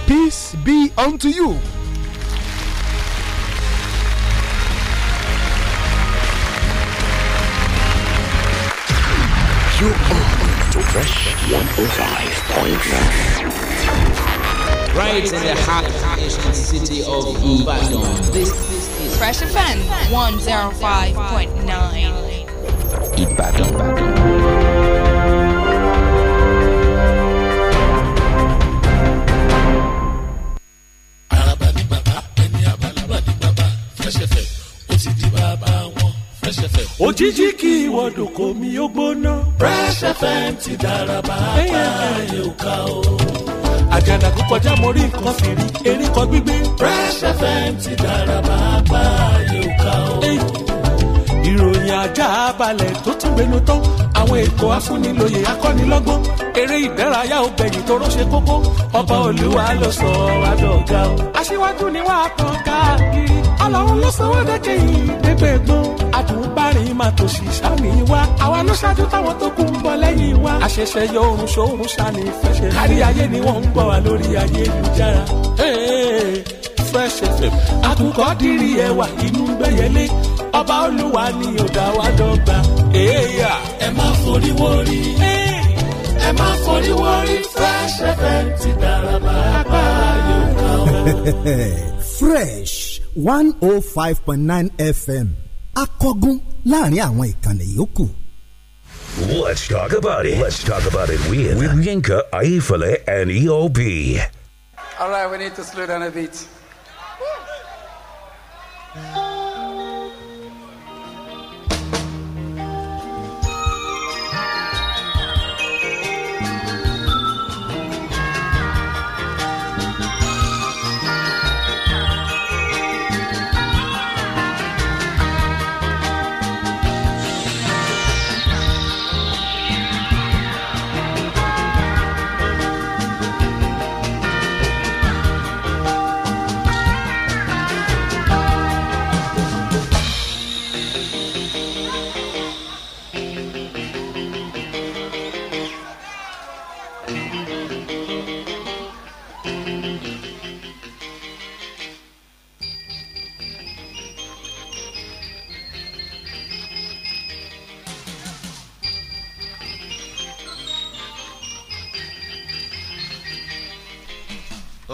Peace be unto you. You are to Fresh 105.9. Right in the heart of the city of Ibadan. This is Fresh Offense 105.9. Ibadan. Ibadan. fresh fm ó ti di bàbá wọn fresh fm. òjijì kí ìwọ́dọ̀ kò mí ó gbóná. fresh fm ti dára bàbá ayé ò ká o. àjànà kó kọjá mo rí nǹkan fìrí erékọ gbígbé. fresh fm ti dára bàbá ayé ò ká o ìròyìn ajá balẹ̀ tó tún gbénu tán àwọn ètò afúnilòyè akọ́nilọ́gbọ́n eré ìdárayá obìnrin tó rọ́ṣẹ́ kókó ọba olúwa ló sọ adọ́gà o. aṣíwájú ni wàá kàn káàkiri ọlọ́run ló sọwọ́dẹ́kẹ́ yìí débẹ̀ gbọ́n àdùnbárin máa tó sì sámi wá àwa ló ṣáájú táwọn tó kù ń bọ̀ lẹ́yìn wa. àṣẹ̀ṣẹ̀ yọ oorun ṣoorun ṣani ìfẹsẹ̀ kárí ayé ni wọ́n ń gbọ́ wa lórí ayélujára fresh fm àkùkọ dìrì ẹwà inú gbẹyẹlé ọba olúwa ni ó dá wa dọ́gba. ẹ má forí wọrí ẹ má forí wọrí fresh fm ti dára bàbá yóò kà fresh one oh five point nine fm akọgun láàrin àwọn ìkànnì yòókù. Let's talk about it. Let's talk about it with, with Yinka, Aifale, and EOB. All right, we need to slow down a bit. Oh.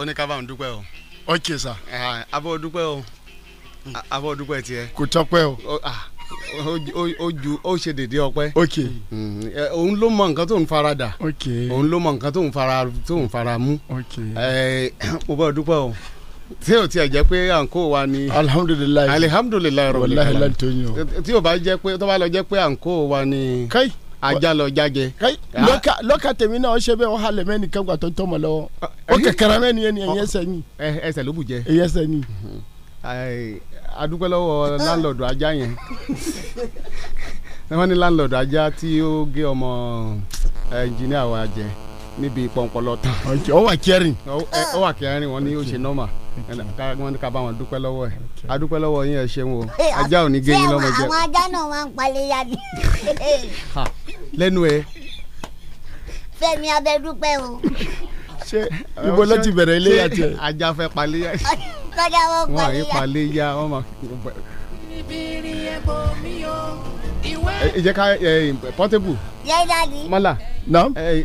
ó ní dúpẹ́ o. ok sir. abọ́ dúpẹ́ o abọ́ dúpẹ́ tiẹ̀. kò tọ́pẹ́ o ó ju ó ṣe dédé ọpẹ́. ok mm-hmm. òun ló mọ nǹkan tó ń farada. ok òun ló mọ nǹkan tó ń fara tó ń fara mú. ok mo bá dúpẹ́ o tí o tiẹ̀ jẹ́ pé àǹkó wa ni. alihamudulilayi alihamudulilayi rọ̀bìlá wàlláhi lantoyin o. tí o bá jẹ́ pé tó bá lọ jẹ́ pé àǹkó wa ni. káyì ajá lọ jájẹ. na ah. lọ́kà tèmi náà ó ṣe bẹ́ẹ̀ ó halẹ̀ mẹ́ni kẹ́gbà tó tọmọ lọ́wọ́ ah, ó kẹ̀kẹ́rẹ́ mẹ́ni ẹni ni. ẹsẹ̀ ló bù jẹ. ẹ̀yẹ ẹsẹ̀ ni. Mm-hmm. adúpẹ́ lọ́wọ́ láńlọ́ọ̀dù ajá yẹn wọ́n ní láńlọ́ọ̀dù ajá tí ó gé ọmọ ẹnjìníà wa jẹ níbi pọ̀npọ̀lọ́ta. ó wà kẹrin. ó kẹrin wọn ni ó ṣe nọ́mà ká bá wọn dúpẹ́ lọ́wọ́ ẹ̀ a lọ́wọ́ yín ẹ ṣeun o ajá ò ní gé lọ́mọ jẹ. àwọn ajá náà máa ń palẹ̀ ya ni. lẹ́nu ẹ. Fẹ́mi Abẹ́dúpẹ́ o. ṣé ibo ló ti bẹ̀rẹ̀ ilé ya tiẹ̀. ajá fẹ́ palẹ̀ ya. tọ́jà wọn palẹ̀ ya. wọn àyè palẹ̀ ya wọn máa. rí ẹ̀bùn mi o ẹ jẹ́ ká portable. yẹ dadi. mọ́là. na. ẹ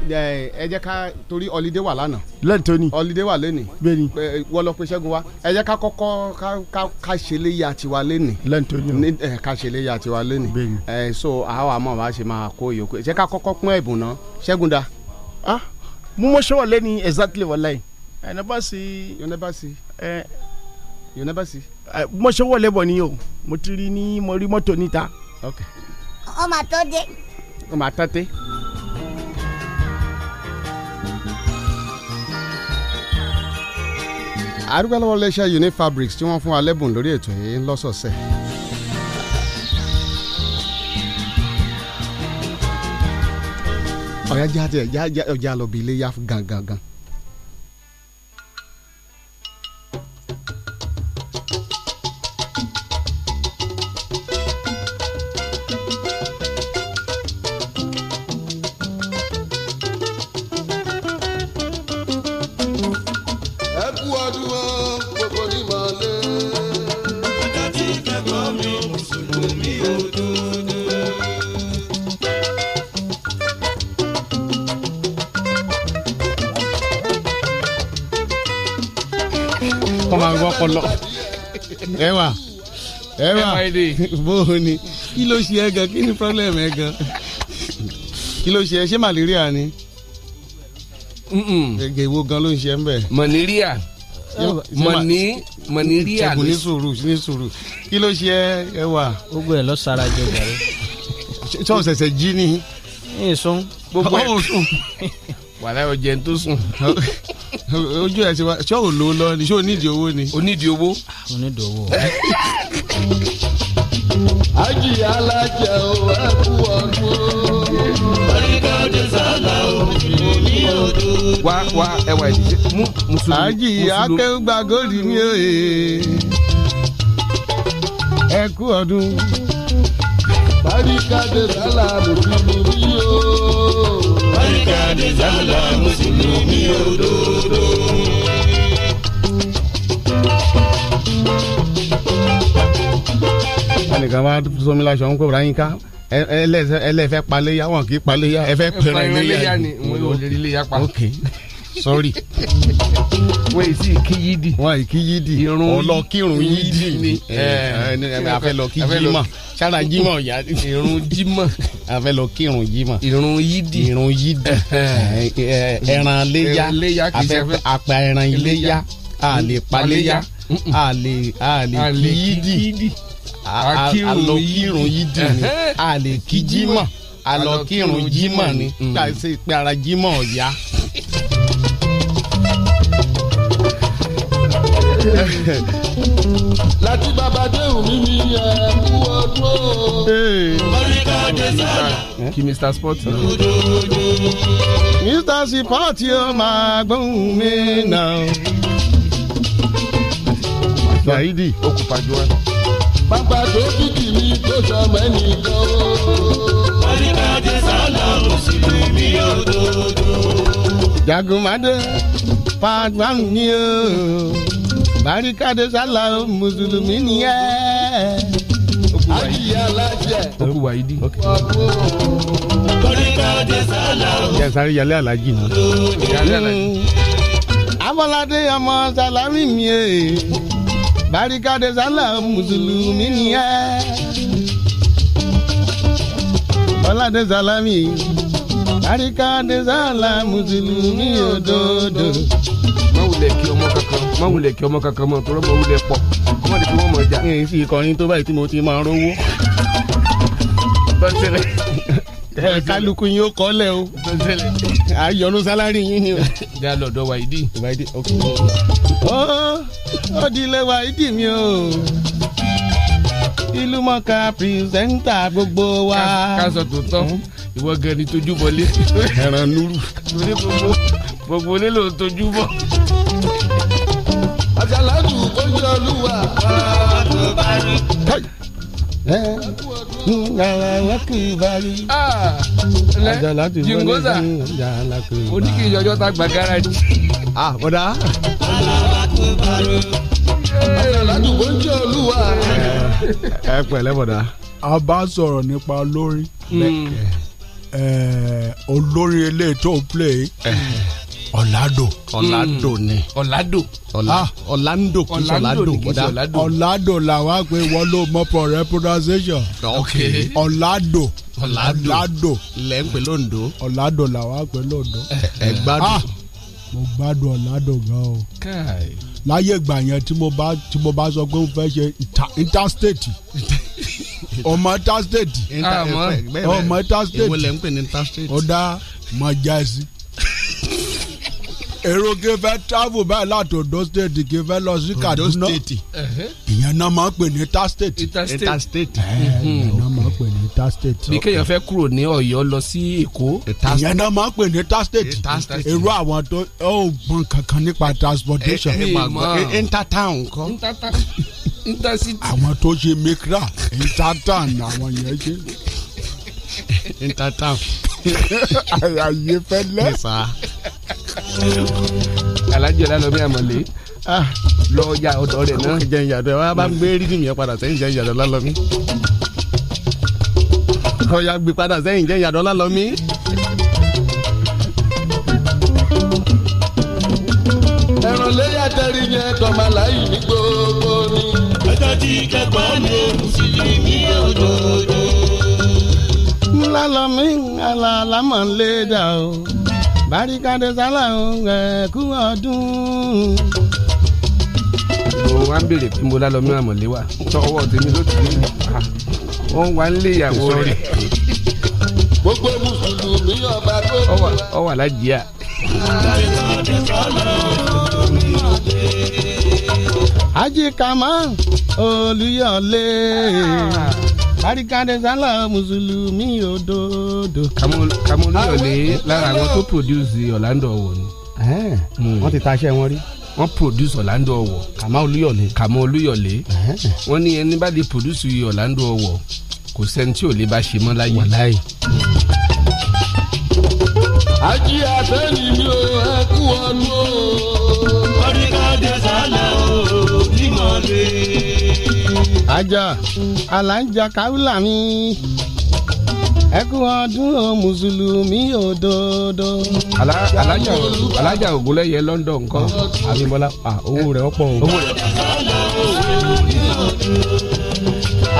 jẹ́ ká torí holiday wà lánàá. lẹ́yìn tó ní. holiday wà lẹ́nì. bẹ́ẹ̀ni. wọ́n lọ pe ṣẹ́gun wa. ẹ jẹ́ ká kọ́kọ́ ká ká ṣẹlẹ̀ ya tiwa lẹ́nì. lẹ́yìn tó ní. ká ṣẹlẹ̀ ya tiwa lẹ́nì. bẹ́ẹ̀ni. ẹ so àwọn àmọ́ wa ṣe máa kó yòókù. ẹ jẹ́ ká kọ́kọ́ pín ẹ̀bùn náà ṣẹ́gun da. ah mo mọ ṣọwọ lẹ́ni exactly wàláì. ẹ never see. you never see. ẹ eh. you never see. Eh, mo ṣọwọ lẹ́bọ̀ ni o mo ti okay ọmọ àtọ́dé. ọmọ àtọ́dé. àdúgbò lọ́wọ́ iléeṣẹ́ Uni Fabrics tí wọ́n fún wa lẹ́bùn lórí ètò yìí lọ́sọ̀ọ̀sẹ̀. ọ̀yá jáde ọ̀já lọ bí ilé yá gangan. ẹwà ẹwà bóò ni kí ló ṣe ẹ gan kí ni problem ẹ gan kí ló ṣe ẹ ṣé màlíríà ni gègé wo gan ló ń ṣe ń bẹ. mọ̀nìríà mọ̀nì mọ̀nìríà ni. ní sùúrù ní sùúrù kí ló ṣe ẹ wà. gbogbo ẹ lọ sara jẹ gàrí. ṣé o ṣẹ̀ṣẹ̀ jí ni. ẹ sọ gbogbo ẹ wàlá ọjẹ tó sùn. ojú ẹ ti wá ṣé ò lówó lọ ni ṣé ò nídìí owó ni. o nídìí owó. o nídìí owó. ají alájà o ẹ kú ọdún. oríkà òde sálà o mùsùlùmí odò. wá wá ẹwà ìdíje mú mùsùlùmí. ají akẹ́gbà gòdì mi ò yè ẹ kú ọdún. oríkà òde sálà mùsùlùmí Adesanya mùsùlùmí òdodo. ẹnìkan wá sọ mi láṣọ ń kó ra yín ká ẹlẹ́fẹ́ paléyà wọn kì í paléyà ẹ fẹ́ pẹ̀rẹ̀ iléyà ni. ẹ sorry. wọ́n yìí sí kí yídì. wọ́n yìí kí yídì. irun ọlọ́kírun yídì ni. a fẹ́ lọ kí jímọ̀. sára jímọ̀ ya irun jímọ̀. a fẹ́ lọ kírun jímọ̀. irun yídì. irun yídì. ẹran léyà. a fẹ́ apẹ ẹran léyà. a lè hmm. pa léyà. Hmm. a lè a lè kí yídì. a lọ kírun yídì ni. a lè kí jímọ̀. a lọ kírun jímọ̀ ni. kí a ṣe pé ara jímọ̀ ọ̀ya. láti bàbá déhùn mi ní ẹ̀kú ọdún. Ah, kí Mr Sport náà. Mr Sport yóò máa gbóhùn mi náà. Yahidi okupajú wa. Bàbá tó kìkì mi tó sọmọ ẹnìkan o. Oníkàjẹ sálà mùsùlùmí òdodo. Jagunmade, pàgbà mi ni o. Barikade Salam mùsùlùmí nìyẹn. okú wa yìí di. Barikade Salam. yẹ sáré yálé alájì ni. yálé alájì. Abọ́ládé ọmọ Salami mi ẹ̀ Barikade Salam mùsùlùmí nìyẹn. Ọládé Salami Barikade Salam mùsùlùmí òdodo wulẹ̀ kí ọmọ kankan má wulẹ̀ kí ọmọ kankan mọ́ tọrọ mọ́ wulẹ̀ pọ̀ ọmọ de fi wọ́n mọ̀ jà. èyí sì ìkọrin tó báyìí tí mo ti máa rówó. kálukú yín ó kọ́lẹ̀ o. tọ́sílẹ̀. sálárì yín ni o. lọ́dọ̀ wa ìdí. ìwà ìdí ok. ó di ilé wa mi o ìlú mọ̀ká pírẹsẹ̀ńtà gbogbo wa. ká sọ tòótọ́ ìwọ gan tójú bọlé. ẹran núrù. lórí gbogbo gbogbo onílò ń tojú bọ̀. àjàlá tù ojú olúwa ọdún bá rí. Ah, àjàlá tù jingosa oníkìyí ọjọ́ ta gba gáràjì. ah bọ̀dá. àjàlá tù bá rí. àjàlá tù ojú olúwa. ẹ pẹ̀lẹ́ bọ̀dá. a bá sọ̀rọ̀ nípa olórin hmm. olórin eléyìí tó ń play ọ̀làdò. ọ̀làdò ni. Hmm. ọ̀làdò. Ah, ọ̀làdò kì í ṣe ọ̀làdò kódà. ọ̀làdò làwọn á pè wọ́n ló mọ for repronunciation. ok ọ̀làdò. ọ̀làdò ọ̀làdò. lẹ́ ń pè lóńdó. ọ̀làdò làwọn á pè lóńdó. ẹ gbádùn. Ah, mo gbádùn ọ̀làdò gan o. láyé ìgbà yẹn tí mo bá tí mo bá sọ pé mo fẹ́ ṣe interstate ọmọ interstate ah, ọmọ interstate ọ̀dà mọ̀ jáde èrò kí fẹ́ travel bẹ́ẹ̀ láti Ondo state kí fẹ́ lọ sí Kaduna ìyẹn náà máa ń pè ní interstate. interstate ìyẹn náà máa ń pè ní interstate. bí kéèyàn fẹ́ kúrò ní Ọ̀yọ́ lọ sí Èkó. ìyẹn náà máa ń pè ní interstate. èrò àwọn tó ó gbọ́n kankan nípa transportation. intertown kọ́. intercity. àwọn tó ṣe mikra intertown àwọn yẹn ṣe. intertown. àyè fẹ́lẹ́ alájọ lálọ́bí àmọ̀lé ah, lọ ya ọ̀dọ́ rẹ̀ náà. jẹ́ ìyàdọ̀ wa bá ń gbé rídìmù yẹn padà sẹ́yìn jẹ́ ìyàdọ̀ lálọ́mí. ọ̀ya gbé padà sẹ́yìn jẹ́ ìyàdọ̀ lálọ́mí. ẹran léyà tẹ́rí yẹn tọ́mọ aláì ní gbogbo ni. ẹja tí kẹgbọ́n ni òun sì rí ní òjòjò. ńlá lọ mí àlàámọ̀ ń lé dà o. Barikade Sala ń ẹ̀ kú ọdún. mo wá ń béèrè pé mo lálọ́ mi àmọ̀lé wa tọwọ́ tèmi ló ti dé wọ́n wá ń lé ìyàwó rẹ̀. gbogbo mùsùlùmí ọba tó wà. ọ wà lájìá. Barikade Sala ń kú ọdún. Ají Kamal barikade sálọ mùsùlùmí òdodo. kamolu yọ̀lé lára àwọn tó produce Orlando Owo ni. Hmm. wọ́n ti taṣẹ́ wọn rí. wọ́n produce Orlando Owo. kàmá olúyọ̀lé. kàmá olúyọ̀lé. wọ́n ní ẹni bá di produce Orlando Owo kò sẹ́ni tí ò lè bá ṣe mọ́ láyé. wàláyé. ají àtẹ̀yìn mi ò ẹ kú ọdún o. barikade sálọ ò àjọ alájà káwílà mi ẹ kú ọdún mùsùlùmí òdodo. alájà alájà ògúnlẹ̀yẹ London nǹkan Abímbọ́lá owó rẹ̀ ọ̀pọ̀ o.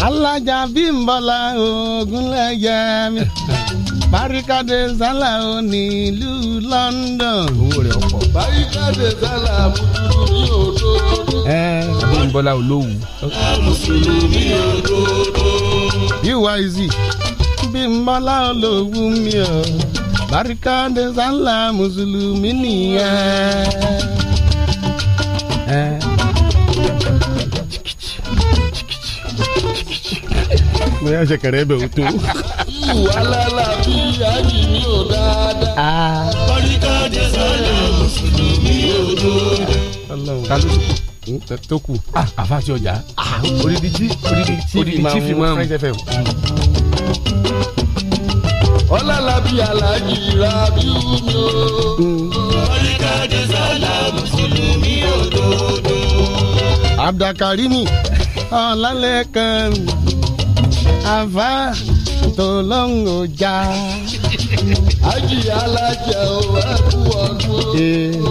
alájà Bímbọ́lá ògúnlẹ̀yẹ mi. Barikade Zala ò ní ìlú London. owó rẹ̀ ọ̀pọ̀. Barikade Zala mùsùlùmí òdodo. ẹ Abímbọ́lá olówù. mùsùlùmí òdodo. yíwá ìzì Bímbọ́lá olówù mi o Barikade Zala mùsùlùmí nìyẹn. Não é jacaré, meu, tu alálàbí àjì mi ah, ò dáadáa. Bọ́díkà jẹ sọ́lẹ̀ mùsùlùmí òdodo. Ta ló tó kù? Àfa àti ọjà. Odidi chief imam French FM ọlọ́lábí aláàjì rábíù ni tọ́lọ́hún ò já. ájì alájà o wá kú ọdún o.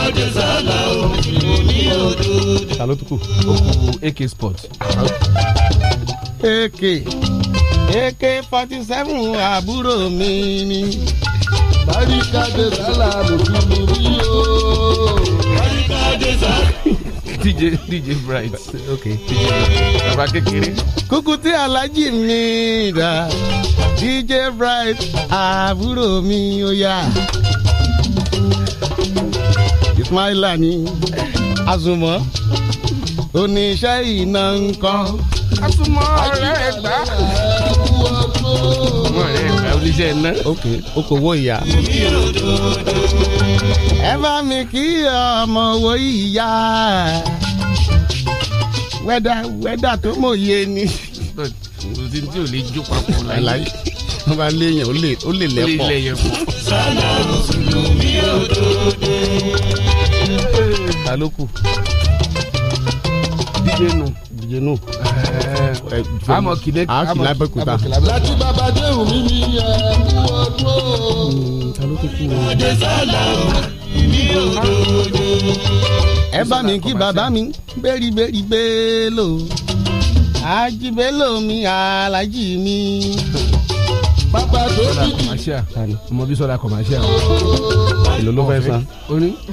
òde sálà o, mo ní òdòdó. Ta ló AK Sport. AK AK forty seven àbúrò mi ni. Bàríkà òde sálà mo kú ní o. Bàríkà òde sálà. DJ DJ Bright. Okay. DJ Bright. Bàbá kékeré. Kúkú tí alájì mi dà. DJ Bright àbúrò mi ó yá. Ismaila ni Azumọ. Oníṣẹ́ iná ń kọ́. Azumọ rẹ̀ gbà. Azumọ rẹ̀ gbà oníṣẹ́ iná. ok okòwò ìyá. ẹ bá mi kí ọmọ owó ìyá wẹ́dà wẹ́dà tó mòye ni. mo ti tí ò lè jó papọ̀ láyé wọ́n bá léèyàn ó lè lẹ́pọ̀. sálà mùsùlùmí òdodo. ta ló kù? díje nù dìde nù. Eh, eh, eh. àmọ́ kìlẹ̀ àmọ́ kìlẹ̀ abẹ́kúta. láti bàbá déhùn mi mi ẹ kú ọdún. Hmm, ta kú o. ọdẹ mi ò dodo. ẹ bá mi kí bàbá mi bẹ́ẹ̀rì bẹ́ẹ̀rì bẹ́ẹ̀ lò. àjìbẹ́ lò mí alájì mi bàbá lókìkí. ọmọ bí sọlá kọmáṣíà èlò ló fẹ́ san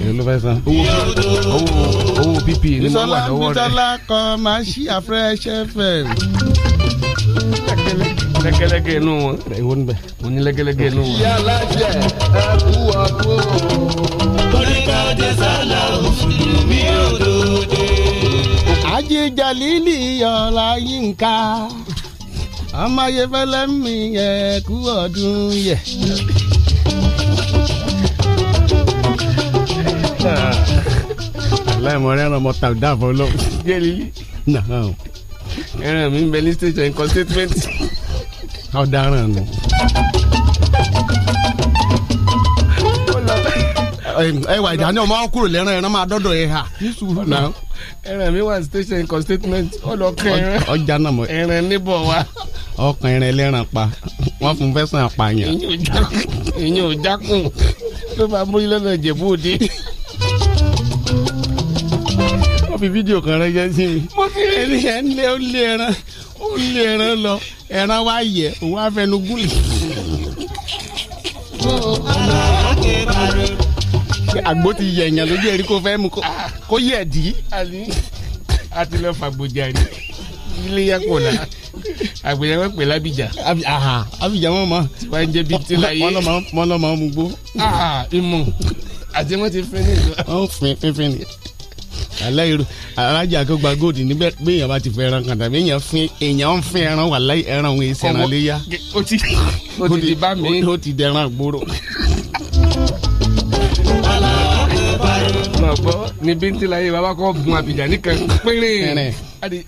èlò ló fẹ́ san owó pp ni wọ́n wà lọ́wọ́ rẹ̀. bisola kọmáṣíà fresh fm lẹgẹlẹgẹ inú wọn. ìwọ níbẹ̀ mo ní lẹgẹlẹgẹ inú wọn. yàrá jẹ ẹkú ọdún. kọ́ríkà ọdẹ sálà mùsùlùmí òdòdó. ajé jalili yọ̀ọ̀la yínká amáyéfẹ́lẹ́ mi yẹ kú ọdún yẹ. aláìmọ̀rẹ́ ẹran ọmọ tàgbà fún ọlọ́run. gẹ́lí ẹran mi ń bẹ ní station nǹkan statement ọ̀daràn nù. ẹwà ìjà ni ọmọ kúrò lẹ́ràn ẹran máa dọ́dọ̀ ẹ̀ hà ní sùúrù náà ẹran mi wà station nǹkan statement ọlọ́kàn ẹran ọjà náà mọ̀ ẹran níbọ̀ wa ọkàn ẹran ẹlẹ́ran pa wọ́n fún fẹ́sàn àpààyàn. ìyẹn ò jákùn ló máa mú ilé náà jẹ̀bú òde. wọ́n fi fídíò kan ránṣẹ́ sí mi. mo ti rẹ̀ ní ẹ̀ ń lé ó lé ẹran ó lé ẹran lọ ẹran wá yẹ òun á fẹnu gúlì. àgbo ti yẹ èèyàn lójú ẹ̀rí kó fẹ́ mu kó ah. yẹ̀ dí. àti lọ́ọ́ fàgbọ́jà ni ilé yẹ kò náà àgbèrè wọn pè lábìjà. àbìjà wọn mọ. wọn jẹ bíi tí láyé. wọn lọ máa ń mugbó. imú àti wọn ti fẹ́ ní ìlú. wọn fin fínfín ni aláìrò alájà kó gba góòdì níbẹ̀ bí èèyàn bá ti fẹ́ ẹran kan tàbí èèyàn fin èèyàn ń fin ẹran wà láì ẹran òun èsì ẹran léyà. o ti o ti di bá mi. o ti dẹran gbòòrò. máa gbọ́ ní bíntín láyé bàbá kọ́ gun àbíjà nìkan pínrín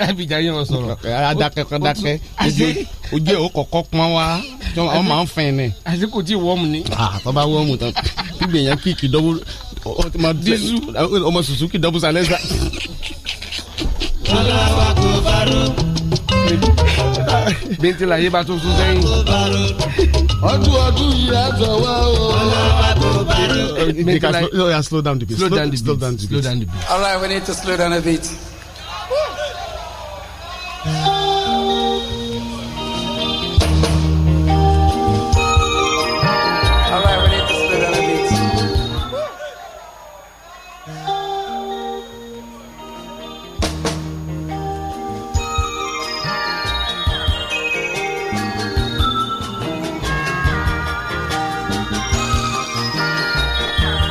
àbíjà yẹn wọn sọ̀rọ̀. adakẹ́ kọ́dákẹ́ ojú ẹ̀ ó kọ̀kọ́ pọ́n wá wọ́n máa ń fẹ́ ni. àsìkò tí wọ́ọ̀mù ni. àtọ́ bá wọ́ọ̀mù tán gbìyànjú kíkì dọ́bù ọmọ sùsùkì dọ́bù sálẹ́sà. ọlọ́wà kò bá rò bíntín láyé bá tó sún sẹ́yìn. ọdún ọdún yìí á sọ wá o. slow down the beat. slow down the beat. slow down the beat. all right we need to slow down a bit.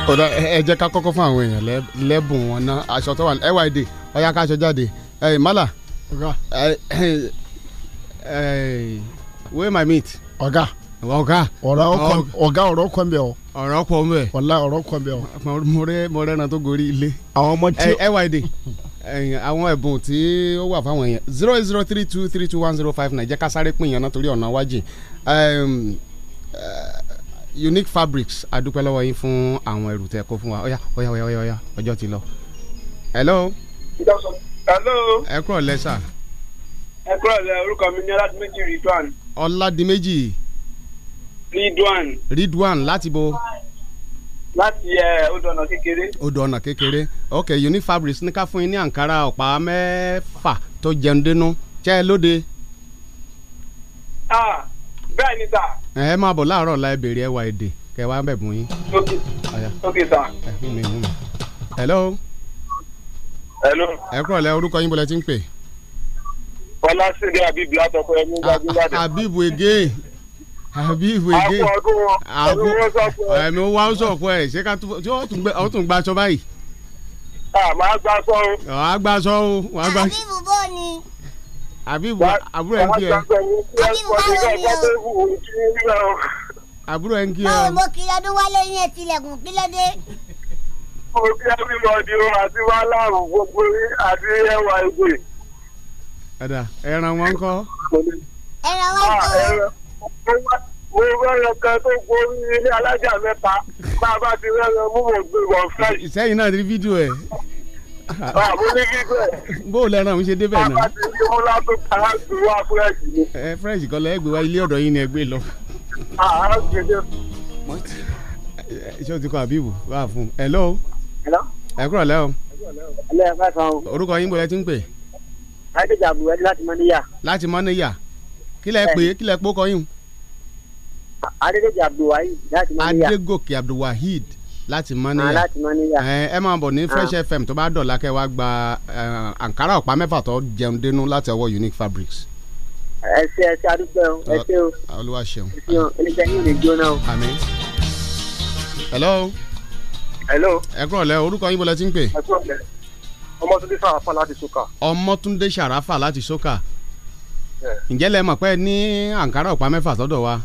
kódà ẹ jẹ́ ká kọ́kọ́ fún àwọn èèyàn lẹ́bùn wọn ná aṣọ tó wà ní NYD ọ̀yá jáde where my meat. ọ̀gá ọ̀gá ọ̀gá ọ̀rọ̀ ọ̀rọ̀ ọ̀rọ̀ mo tó gorí ilé. àwọn ọmọ tí. NYD àwọn ẹ̀bùn tí ó zero zero three two three two one zero five nine jẹ́ ká sáré pín torí unique fabrics adúpẹ́ lọ́wọ́ yín fún àwọn ẹrù tẹ́ kó fún wa ọ̀yà ọ̀yà ọ̀yà ọ̀yà ọjọ́ ti lọ. hello. hello. ẹ kúrò lẹ́sà. ẹ kúrò lẹ́ orúkọ mi ní ọládìméjì ridwan. ọládìméjì. ridwan. ridwan láti bo. láti ẹ odò ọ̀nà kékeré. odò ọ̀nà kékeré ok unique fabrics ní ká fún yín ní àǹkárá ọ̀pá mẹ́fà tó jẹun dénú tẹ́ ẹ lóde. ah bẹ́ẹ̀ ni sà. ẹ máa bọ̀ láàárọ̀ la béèrè ẹwà èdè kẹ wá bẹ̀ bùn yín. ok sà. ẹ mú mi mú mi. hello. hello. ẹ kúrọ̀ lẹ orúkọ yín bọ́lá ti ń pè. ọlásìndé abibu látọkọ ẹni gbájú ládẹ. ege abibu ege àbú ẹ̀mí wọ́n sọ̀kọ ẹ̀ ṣé ká tún gbaṣọ báyìí. àmọ́ àgbàṣọ o. àgbàṣọ o. àbí bùbọ́ ni àbíbu àbúrò ẹ̀ ń kí ẹ. àbúrò ẹ̀ ń kí ẹ. báwo mo kiri ọdún wálé yín ẹ tilẹ̀kùn kí ló dé. mo kí ẹbí mọ di o àti wàhálà àrùn gbogbo àti ẹwà ìgbè. ẹ̀dà ẹran wọn kọ́. ẹran wọn ah, kọ́. mo rẹ́ran kan tó gborí ilé alájà mẹ́ta bá a bá ti rẹ́ran mú mo gbé wọn fẹ́. ìsẹ́yìn náà rí fídíò ẹ̀ bó o lẹ́ràn òun ṣe débẹ̀ náà. ẹ fresh kọ́ lẹ́gbẹ̀ẹ́ wa ilé ọ̀dọ̀ yín ni ẹ gbé lọ. ṣé o ti kọ àbíbù wá fún un. hello. hello. ẹ kúrò lẹ́ o. ẹlẹ́ ẹ o. orúkọ yín bọ̀lẹ́ ti ń pè. ayédèjì àbúrò ẹni láti mọ́níyà. láti mọ́níyà kí lẹ pé kí lẹ pé ó kọ yín. adégòkè láti mọ́níyà ah, ẹ máa bọ̀ ní ah. fresh fm tó bá dọ̀la kẹ́ wá gba eh, àǹkárá ọ̀pá mẹ́fà tó jẹun dénú láti ọwọ́ unique fabrics. ẹ ṣe ẹ ṣe àdúgbò ẹ ṣe o ah, olúwa ṣeun ẹ ṣe o ẹnìkan yìí lè jóná o. àmín. hello. hello. ẹ kúrò lẹ́ orúkọ yín bọ́lá ti ń pè. ẹ kúrò lẹ́ ọmọtúndé sàràfà láti sókà. ọmọtúndé sàràfà láti sókà. ǹjẹ́ lẹ mọ̀ pé ní àǹkárá ọ̀pá mẹ́fà sọ́dọ̀ wa.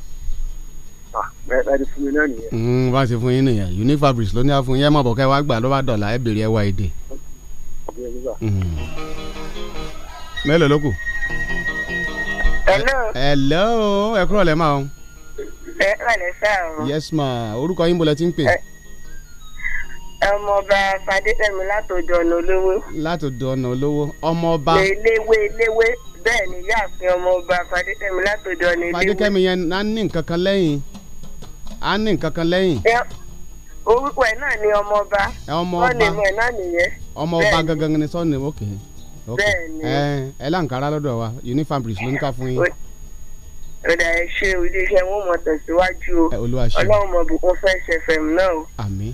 Ah, mm, bá a ṣe fún yín nìyẹn unique fabrics ló ní a yín ẹ mọ̀ bọ̀ kẹ́ gbà ló dọ̀là ẹ bèrè ẹ wá èdè. Mm. mélòó ló kù. hello ẹ kúrò lẹ́ máa ẹ kúrò lẹ́ sá yes ma orúkọ yín bọ̀lẹ̀ tí ń pè. ọmọọba fadéfẹ́mi látòjọ ọ̀nà olówó. látòjọ ọ̀nà olówó ọmọọba. léwé léwé bẹ́ẹ̀ ni yáàfin ọmọọba fadéfẹ́mi látòjọ ọ̀nà olówó. fadékẹ́mi yẹn a ní nkankan lẹ́yìn. orúkọ ẹ̀ náà ni ọmọọba sọ́ọ̀nìmọ̀ ẹ̀ náà nìyẹn. ọmọọba gangan ni sọ́ọ̀nìmọ̀ òkè. bẹ́ẹ̀ni ẹ láǹkárá lọ́dọ̀ wa unifam bridge ló ń ká fún yín. ọ̀dà ẹ̀ ṣe òde wọn mọ̀ tẹ̀síwájú o ọlọ́run o.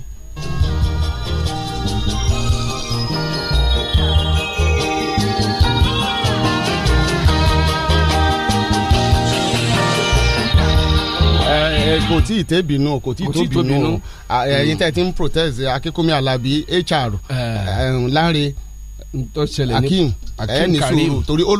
Eh, eh, kò tí ì té bínú kò tí ì tó bínú ah, eh, mm. ẹ̀yin tẹ́ ti ń protest akínkúnmí alábí HR láre akim ẹni sùúrù torí ó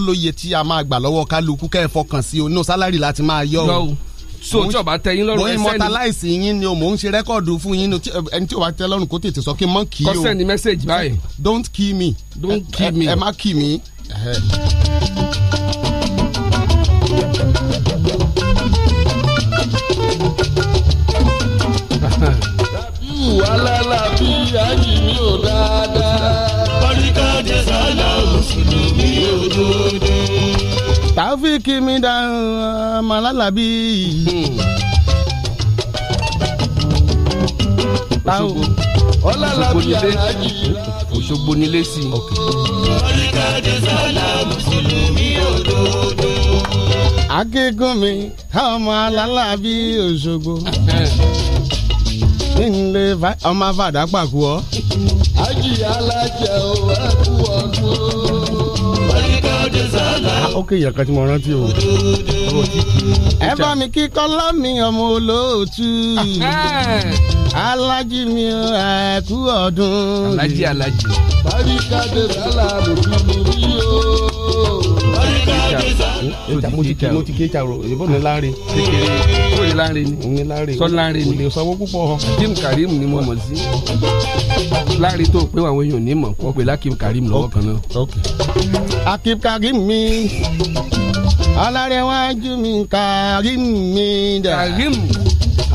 lóye tí a máa gbà lọ́wọ́ kálukú kẹ́ ẹ̀ fọkàn sí o sálárì láti máa yọ o so tí o bá tẹ yín lọ́rùn ẹsẹ ni mo immortalize yín ni o mo ń ṣe rẹ́kọ̀dù fún yín ẹni tí o bá tẹ lọ́rùn kó tètè sọ kí n mọ kí o kọsẹ ni message báyìí don't kill me don't kill me ẹ má kill me. alálàáfíà yìí mi ò dáadáa. Bọ́líkà jẹ sálà mùsùlùmí òdodo. Tàfíìkì mi dá màlálàbí. Táwọn ọlálàbí aláàjì. Òṣogbo nílé sí i. Bọ́líkà jẹ sálà mùsùlùmí òdodo. Akíkún mi, ọmọ alálàbí Òṣogbo nílé ọmọ afáàdá pàkú ọ. ajíyá alájà ò wá ọdún ah, ó kè yàn kan tí mo rántí o. ẹ bá mi kí kọ́lá mi ọmọ olóòtú alájí mi ẹ kú ọdún. alájí alájí. báyìí ká dé sálà lòdì lòdì yìí mo ti ké ìjàrò ìbò ní láre. kékeré ó ní láre ni ní láre sọ láre ni kò lè sanwó púpọ̀. Jim Karim ni mo mọ̀ sí láre tó pé àwọn èèyàn ní mọ̀ wọ́n pè lákìm Karim lọ́wọ́ kan náà. Akim Karim mi alárẹ̀wájú mi Karim mi dà. Karim.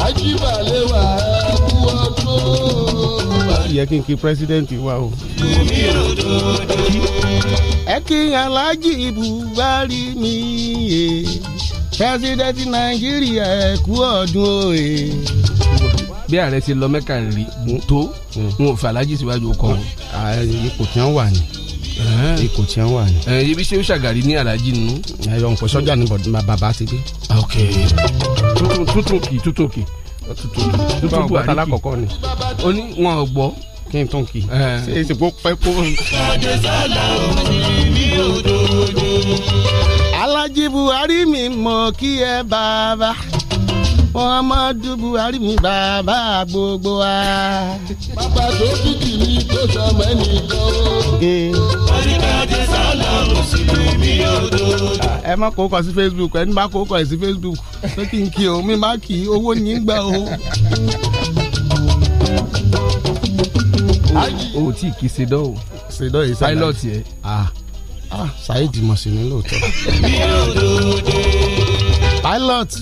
ajíbalẹ̀ wà kú ọdún yẹ kí n kí president wa o. ẹ kí Alhaji mi ye president Nàìjíríà ẹ kú ọdún o ye. bí ààrẹ ti lọ mẹ́ka rí tó n ò fẹ́ Alhaji síwájú kọ́ o. ipò tí wọ́n wà ní ipò tí wọ́n wà ní. ẹ ibi ṣé ó ṣàgàrí ní Alhaji nínú. ẹ yọ nǹkan sọ́jà ní bàbá ti dé. ok tuntun kì tuntun kì tútù àdìkì alákọ̀ọ́kọ́ ni ó ní wọn ò gbọ́ kí n tún kì ṣe é ṣe kó pẹ́ kó. Alhaji Buhari mi mọ̀ kí ẹ bàbá. Muhammadu Buhari mi bàbá gbogbo wa. bàbá tó kìkì mi tó sọmọ ẹnìkan o. oníkàjẹ sálà mùsùlùmí òdo. ẹ má kó kọ sí Facebook ẹni bá kó kọ sí Facebook pé kí n kí o mi má kí owó ní í gbà o. o tí kì í ṣe o. ṣe yìí sáyẹn pilot yẹ. ah ṣáyé ah, dìmọ̀ sí ni lóòótọ́. pilot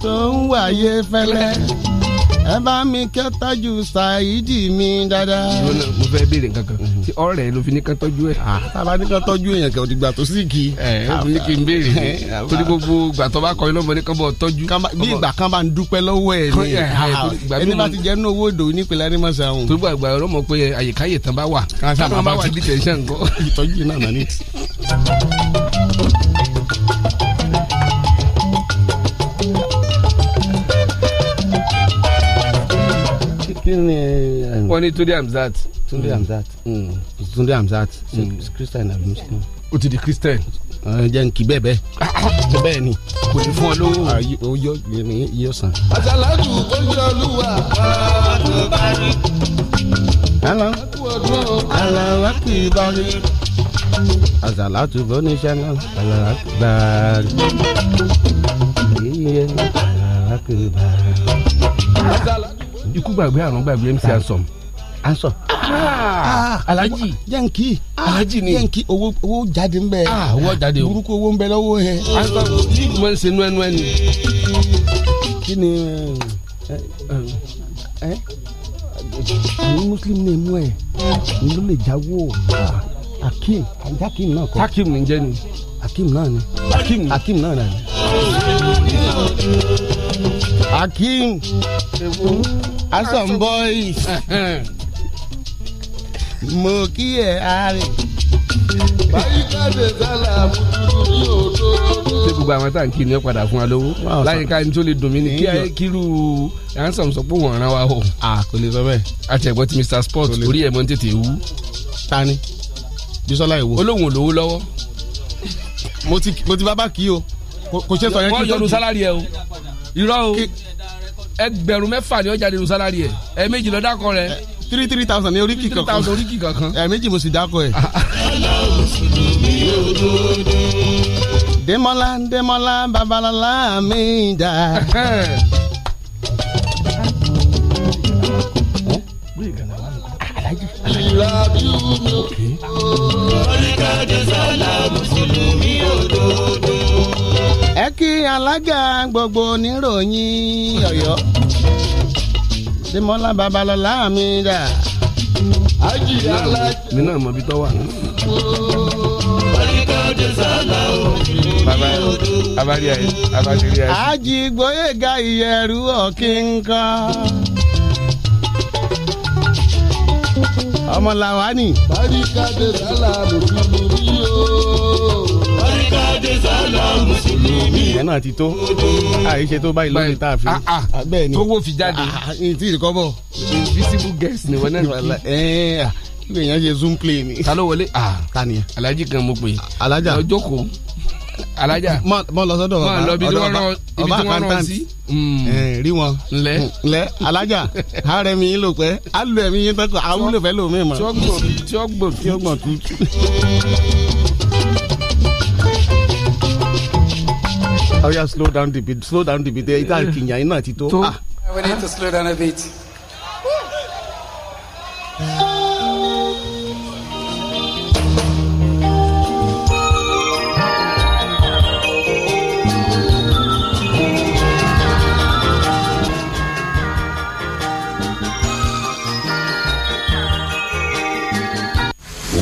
tó ń wáyé fẹ́lẹ́ ẹ bá mi kẹ́ tọ́jú ṣáìdì mi dáadáa. mo fẹ́ béèrè nǹkan tí ọ̀rẹ́ ló fi ní kán tọ́jú ẹ̀. Ah, tábà ní kán tọ́jú èèyàn kan ò ti gbà tó sí kì ẹ ẹ ní kí n béèrè eh, eh, tó ní ah. gbogbo ìgbà tó bá kọ iná mọ kán bọ̀ tọ́jú. bí ìgbà kan bá ń dúpẹ́ lọ́wọ́ ẹ̀ ni eh, ẹni bá ti jẹ́ nínú owó ìdòwú ní ìpìlẹ̀ anímọ̀sá òun. tó gbàgbà ọ̀rọ̀ mọ̀ pé àyíkáyè tán bá wà. káńsà kí ni. Eh, wọ́n ní Túndé Hamzat. Túndé hmm. Hamzat. Hmm. Túndé Hamzat hmm. Christian àbí Muslim. o ti di Christian. Eh, jẹ́ n kí bẹ́ẹ̀ bẹ́ẹ̀ bẹ́ẹ̀ ni kò ní fún ọ lówó ah, yọ yọ san. àtàlájú olúwa àtúbárí. hello. hello àtúbárí. àtàlájú oníṣẹ́ náà àtàlájú bárí. àtàlájú ikú gbàgbé àrùn gbàgbé mc ansom ansom ah. ah, alaji yanki ah, alaji ni yanki owó owó jáde ń bẹ owó jáde o burúkú owó ń bẹ lọ́wọ́ ẹ. ansom yìí mo ń ṣe nuẹnu ẹni. kí ni ẹ ní muslim ní inú ẹ ní ló lè jáwó akim akim náà kọ akim ní jẹ ni akim náà ni akim náà ni. Akeem Asom boys mo kí ẹ àárẹ̀. báyìíkáde sálà mùtútù ní òdo. ṣé gbogbo àwọn tá à ń kí ni ó padà fún wa lówó láyìíká ní tó lè dùn mí ni kí ẹ kíru Ansom sọ pé wọ́n rán wa o. a kò lè sọ bẹ́ẹ̀. àtẹ̀gbọ́ ti Mr Sport orí ẹ̀ mọ́ ń tètè wú. ta ni bisola ìwo. olóhùn olówó lọ́wọ́. mo ti bá bá kí o kò ṣe sọ yẹn kí n tó di. wọ́n yọnu sálárì ẹ o irọ́ o ẹgbẹ̀rún mẹ́fà ni ó jáde sálárì ẹ̀ ẹ méjì lọ dákọ rẹ. three three thousand ní oríkì kankan three thousand oríkì kankan. ẹ méjì mo sì dákọ ẹ. Demola Demola babalala mi da. Ìlàbí omi òkè. Oríkàdé sálà Mùsùlùmí òdodo kí alága gbogbo oníròyìn Ọ̀yọ́ Dèmọ́lá Babalọ́lá mi dà. mi náà mọ ibi tó wà. Bàbá abali ayé abali ayé. Ají Gbóyèga Ìyẹ̀rú ọ̀kínkán. Ọmọ làwa ni. Bàbá ìkàdé sálà lòdì lòdì yóò sálà mùsùlùmí. ìyẹn náà ti tó àìṣe tó báyìí lórí tá a fi bẹ́ẹ̀ ni tówó fi jáde tí ì kọ́ bọ̀ invisible guest ni wọ́n náà ẹ̀ èèyàn ṣe zoom play ni. ta ló wọlé ah, ta ni. alhaji kan mo pè. alhaja ọjọ́ kò alájà mọ lọ sọ́dọ̀ ọba ọba ọba ọba accountant hmm. rí wọn nlẹ nlẹ hmm, alájà ààrẹ mi lò pẹ alù ẹmí yín tán kọ awúlò fẹ lòmíì mọ. tí ó gbọ̀n tí ó gbọ̀n tuntun. Oh yeah, slow down the beat. Slow down the beat. There, ita kinya ina Ah. We need to slow down a bit.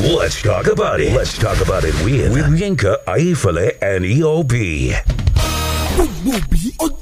Let's talk about it. Let's talk about it with, with Yinka, Aifale, and EOB gbogbo òbí ọjọ́.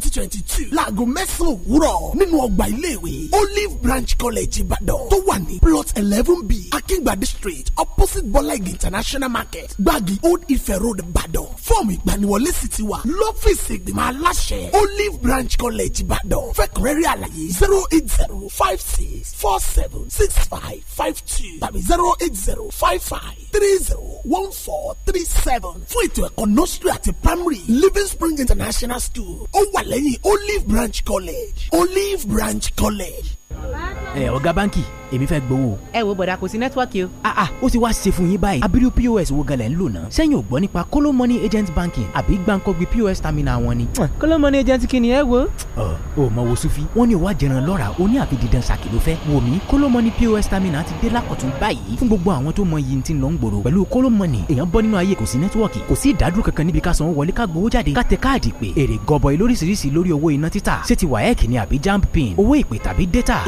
twenty twenty two láago mẹ́sàn-án òwúrọ̀ nínú ọgbà iléèwé Olive Branch College Ìbàdàn tó wà ní plot eleven b Akíngbàdé street opposite Bọ́láìgì international market gbági Old Ife road Ìbàdàn fọ́ọ̀mù ìgbaniwọlé sì ti wà lọ́fíìsì ìgbìmọ̀ aláṣẹ Olive Branch College Ìbàdàn fẹ́kùrẹ́rì àlàyé zero eight zero five six four seven six five five two tàbí zero eight zero five five three zero one four three seven fún ètò ẹ̀kọ́ nursery àti primary Living Spring International School ó wà wà lẹ́yìn Olive Branch College Olive Branch College ẹ ọ̀gá báǹkì èmi fẹ́ gbowó. ẹ wo bọ̀dà kò sí nẹ́tíwọ́ọ̀kì o. a ah, a ah, ó ti wá ṣe fún yín báyìí abiru pos wo gẹlẹ́ ń lò náà. sẹ́yìn ò gbọ́ nípa kóló money agent banking àbí gbàǹkọ́gbì pos terminal wọn ni. kóló money agent kí ni ẹ wo. ọ ò mọ wo sufi wọn ní ìwà jẹran lọ́ra ó ní àfi didan ṣàkì ló fẹ́. wò mí kóló money pos terminal ti dé lákọ̀tún báyìí fún gbogbo àwọn tó mọ iye tí ń lọ ń gbòòrò pẹ̀lú kóló money èèyàn bọ́ nínú ayé kò sí nẹ́tíwọ́ọ̀kì kò sí ìdádúró kankan níbi ká sanwó wọlé ká gbowó jáde ká tẹ káàdì pé èrè gọbọi lóríṣiríṣi lórí owó iná títà ṣé ti wáyẹ̀kì ni àbí jamb pin owó ìpè tàbí data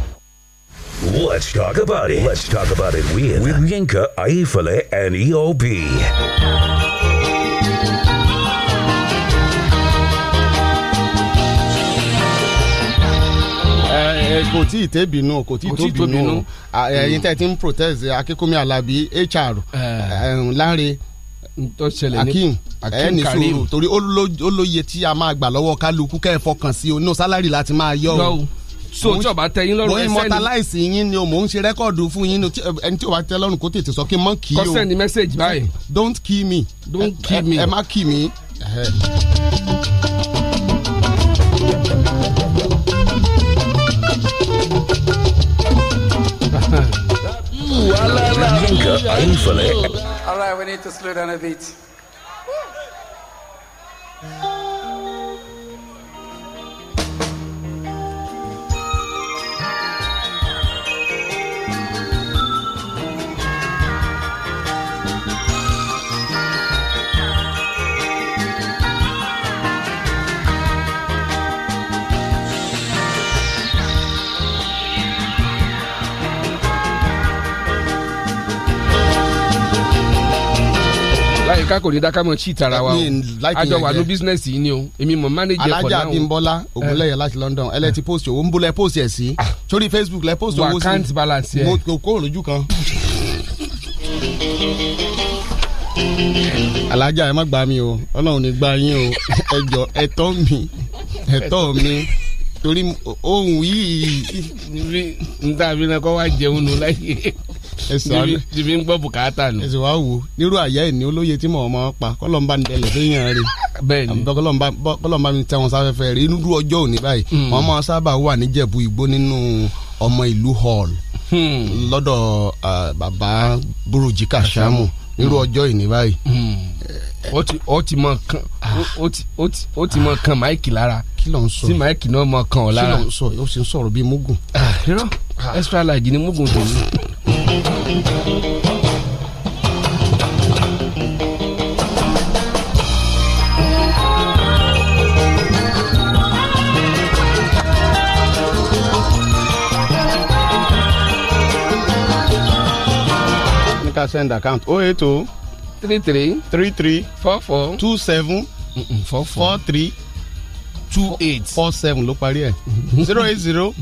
Let's talk about it. Let's talk about it with, with Yinka, Aifale, and EOB. Eh, eh, kò tí ì tẹ́bínú kò tí ì tóbínú ah, eh, hmm. ẹ̀yin tẹ́ ti ń protest Akínkúnmí Alábí HR Láre Akeem ẹni sùúrù torí ó lóye tí a máa gbà lọ́wọ́ kálukú kẹ́ ẹ̀ fọkàn sí o ní sálárì láti máa yọ o so tí o bá tẹ yín lọ́rùn ẹsẹ̀ ni mo immortalize yín ni o mò ń ṣe rẹ́kọ̀dù fún yín eh, ẹni tí o bá tẹ lọ́rùn kó tètè sọ kí n mọ̀ kí o kọ́sẹ̀ ni message báyìí. don't kill me don't eh, kill eh, me ẹ má kill me. All right, we need to slow down a bit. ká kò ní dáká mọ̀ chíì tara wa o àjọ wà ní bísínẹ́sì yìí ni o èmi mọ̀ mánéjì ẹ̀kọ́ náà o. alájà Abímbọ́lá eh. Ògúnlẹ̀yẹ láti London ẹ lẹ ti post owó ń bó lẹ post ẹ̀ sí ah. sórí Facebook lẹ post owó sí. wàkántì balance yẹ. mo kó òrùjú kan. alájà ẹ má gbà mí o Ọlọ́run ní gbà yín o ẹjọ ẹ̀tọ́ mi ẹ̀tọ́ mi torí ohun yìí n tàbí náà kọ́ wá jẹun nù láyé ti fi ń gbọ́ bùkátà nù. ẹsẹ̀ wàá wò nírú àyà ẹ̀ ní olóye tí mò ń máa pa kọ́lọ́mbà ń tẹ̀lé sí yàn rè bẹ́ẹ̀ni kọ́lọ́mbà mi tẹ́ wọn sáfẹ́fẹ́ rè inú dúró ọjọ́ òní báyìí hmm. wọ́n máa sábà wà níjẹ̀bú igbó nínú ọmọ ìlú hall hmm. lọ́dọ̀ bàbá burújí kàṣámù nírú ọjọ́ ìní báyìí hmm ó ti ó ti mọ kan ó ti ó ti ó ti mọ kan máìkì lára kí ló ń sọ tí máìkì náà mọ kan ọ lára kí ló ń sọ ó sì ń sọ̀rọ̀ bíi mugun. Ah, irọ́ ah. extra large ni mugun tó ní. ká send account ó ètò three three. three three. four four. two seven. Mm, mm, four four. four three. two eight. four seven ló parí ẹ̀. Mm-hmm. zero eight zero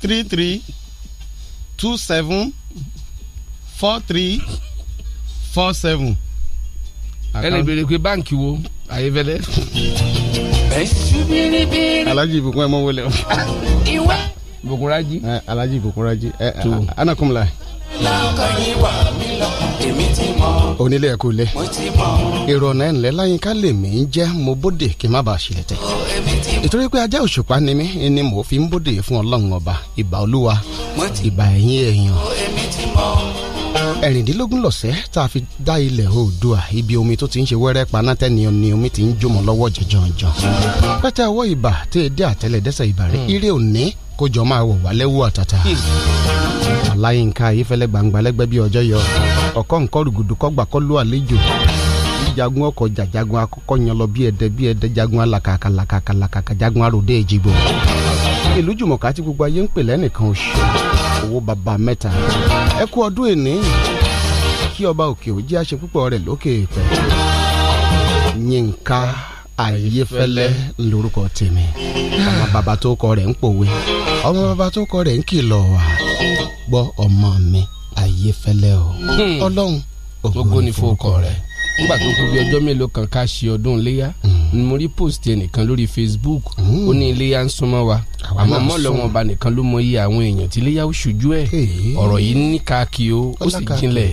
three three two seven four three four seven. ẹ lè béèrè pé báǹkì wo àyè fẹlẹ. Alhaji Ìbùkún ẹ mọ wọlé o. Ìbùkún Rájí. Alhaji Ìbùkún Rájí ẹ anakunla onílé ẹ̀kú lé èrò ọ̀nà ẹ̀ǹlẹ́ láyínká lè mí jẹ́ mo bóde kí n má bàa ṣílẹ̀ tẹ̀. ìtorí pé ajá òṣùpá ni mí ni mò ń fi ń bóde fún ọlọ́run ọba ìbà olúwa ìbà ẹ̀yìn èèyàn ẹ̀rìndínlógún lọ̀sẹ̀ tá a fi dá ilẹ̀ oòdùà ibi omi tó ti ń ṣe wẹ́rẹ́ panátẹ́ ni ni omi ti ń jòmọ̀ lọ́wọ́ jẹjọ́njọ́n pẹ́tẹ́ ọwọ́ ibà tẹ́ ẹ dé àtẹ́lẹ̀ dẹ́sẹ̀ ibà rẹ̀ hmm. ire òní kójọ máa wọ̀ wá lẹ́wọ́ àtàtà hmm. aláyínká ayífẹ́lẹ́ gbangba lẹ́gbẹ́ bí ọjọ́ yọ ọ̀kọ́ nǹkan rògbòdò kọ́gbà kọ́ ló àlejò jagun ọkọ̀ jàjagun akọ́kọ́ yan lọ bí ẹ̀dẹ́ bí ẹ̀dẹ́ jagun alàkàkàlàkàkàlàkà jagun aróde èjìgbò ìlú jùmọ̀ká tí gbogbo ayé ń pè lẹ́nìkan oṣù owó baba mẹ́ta ẹ kú ọdún èní kí ọba òkè òjì àṣẹ púpọ̀ rẹ̀ lókè pẹ̀ Yínká Ayéfẹ́lẹ́ lórúkọ tèmi ọmọ bàbá tó kọ rẹ̀ ń pòwe ọmọ bàbá tó kọ rẹ̀ ń kìlọ̀ wá ọmọ mi Ayéfẹ́lẹ́ o hmm. Ọlọ́run ogun ni fọkọ rẹ̀ nígbà tó kú kan ká ṣe ọdún iléyà hmm. mo rí post Facebook hmm. ó ní iléyà àmọ́ mọ́lọ́wọ́n ọba nìkan ló mọ iye àwọn èèyàn tí iléyàwó ṣojú ẹ̀ ọ̀rọ̀ yìí níka kí o ó sì jinlẹ̀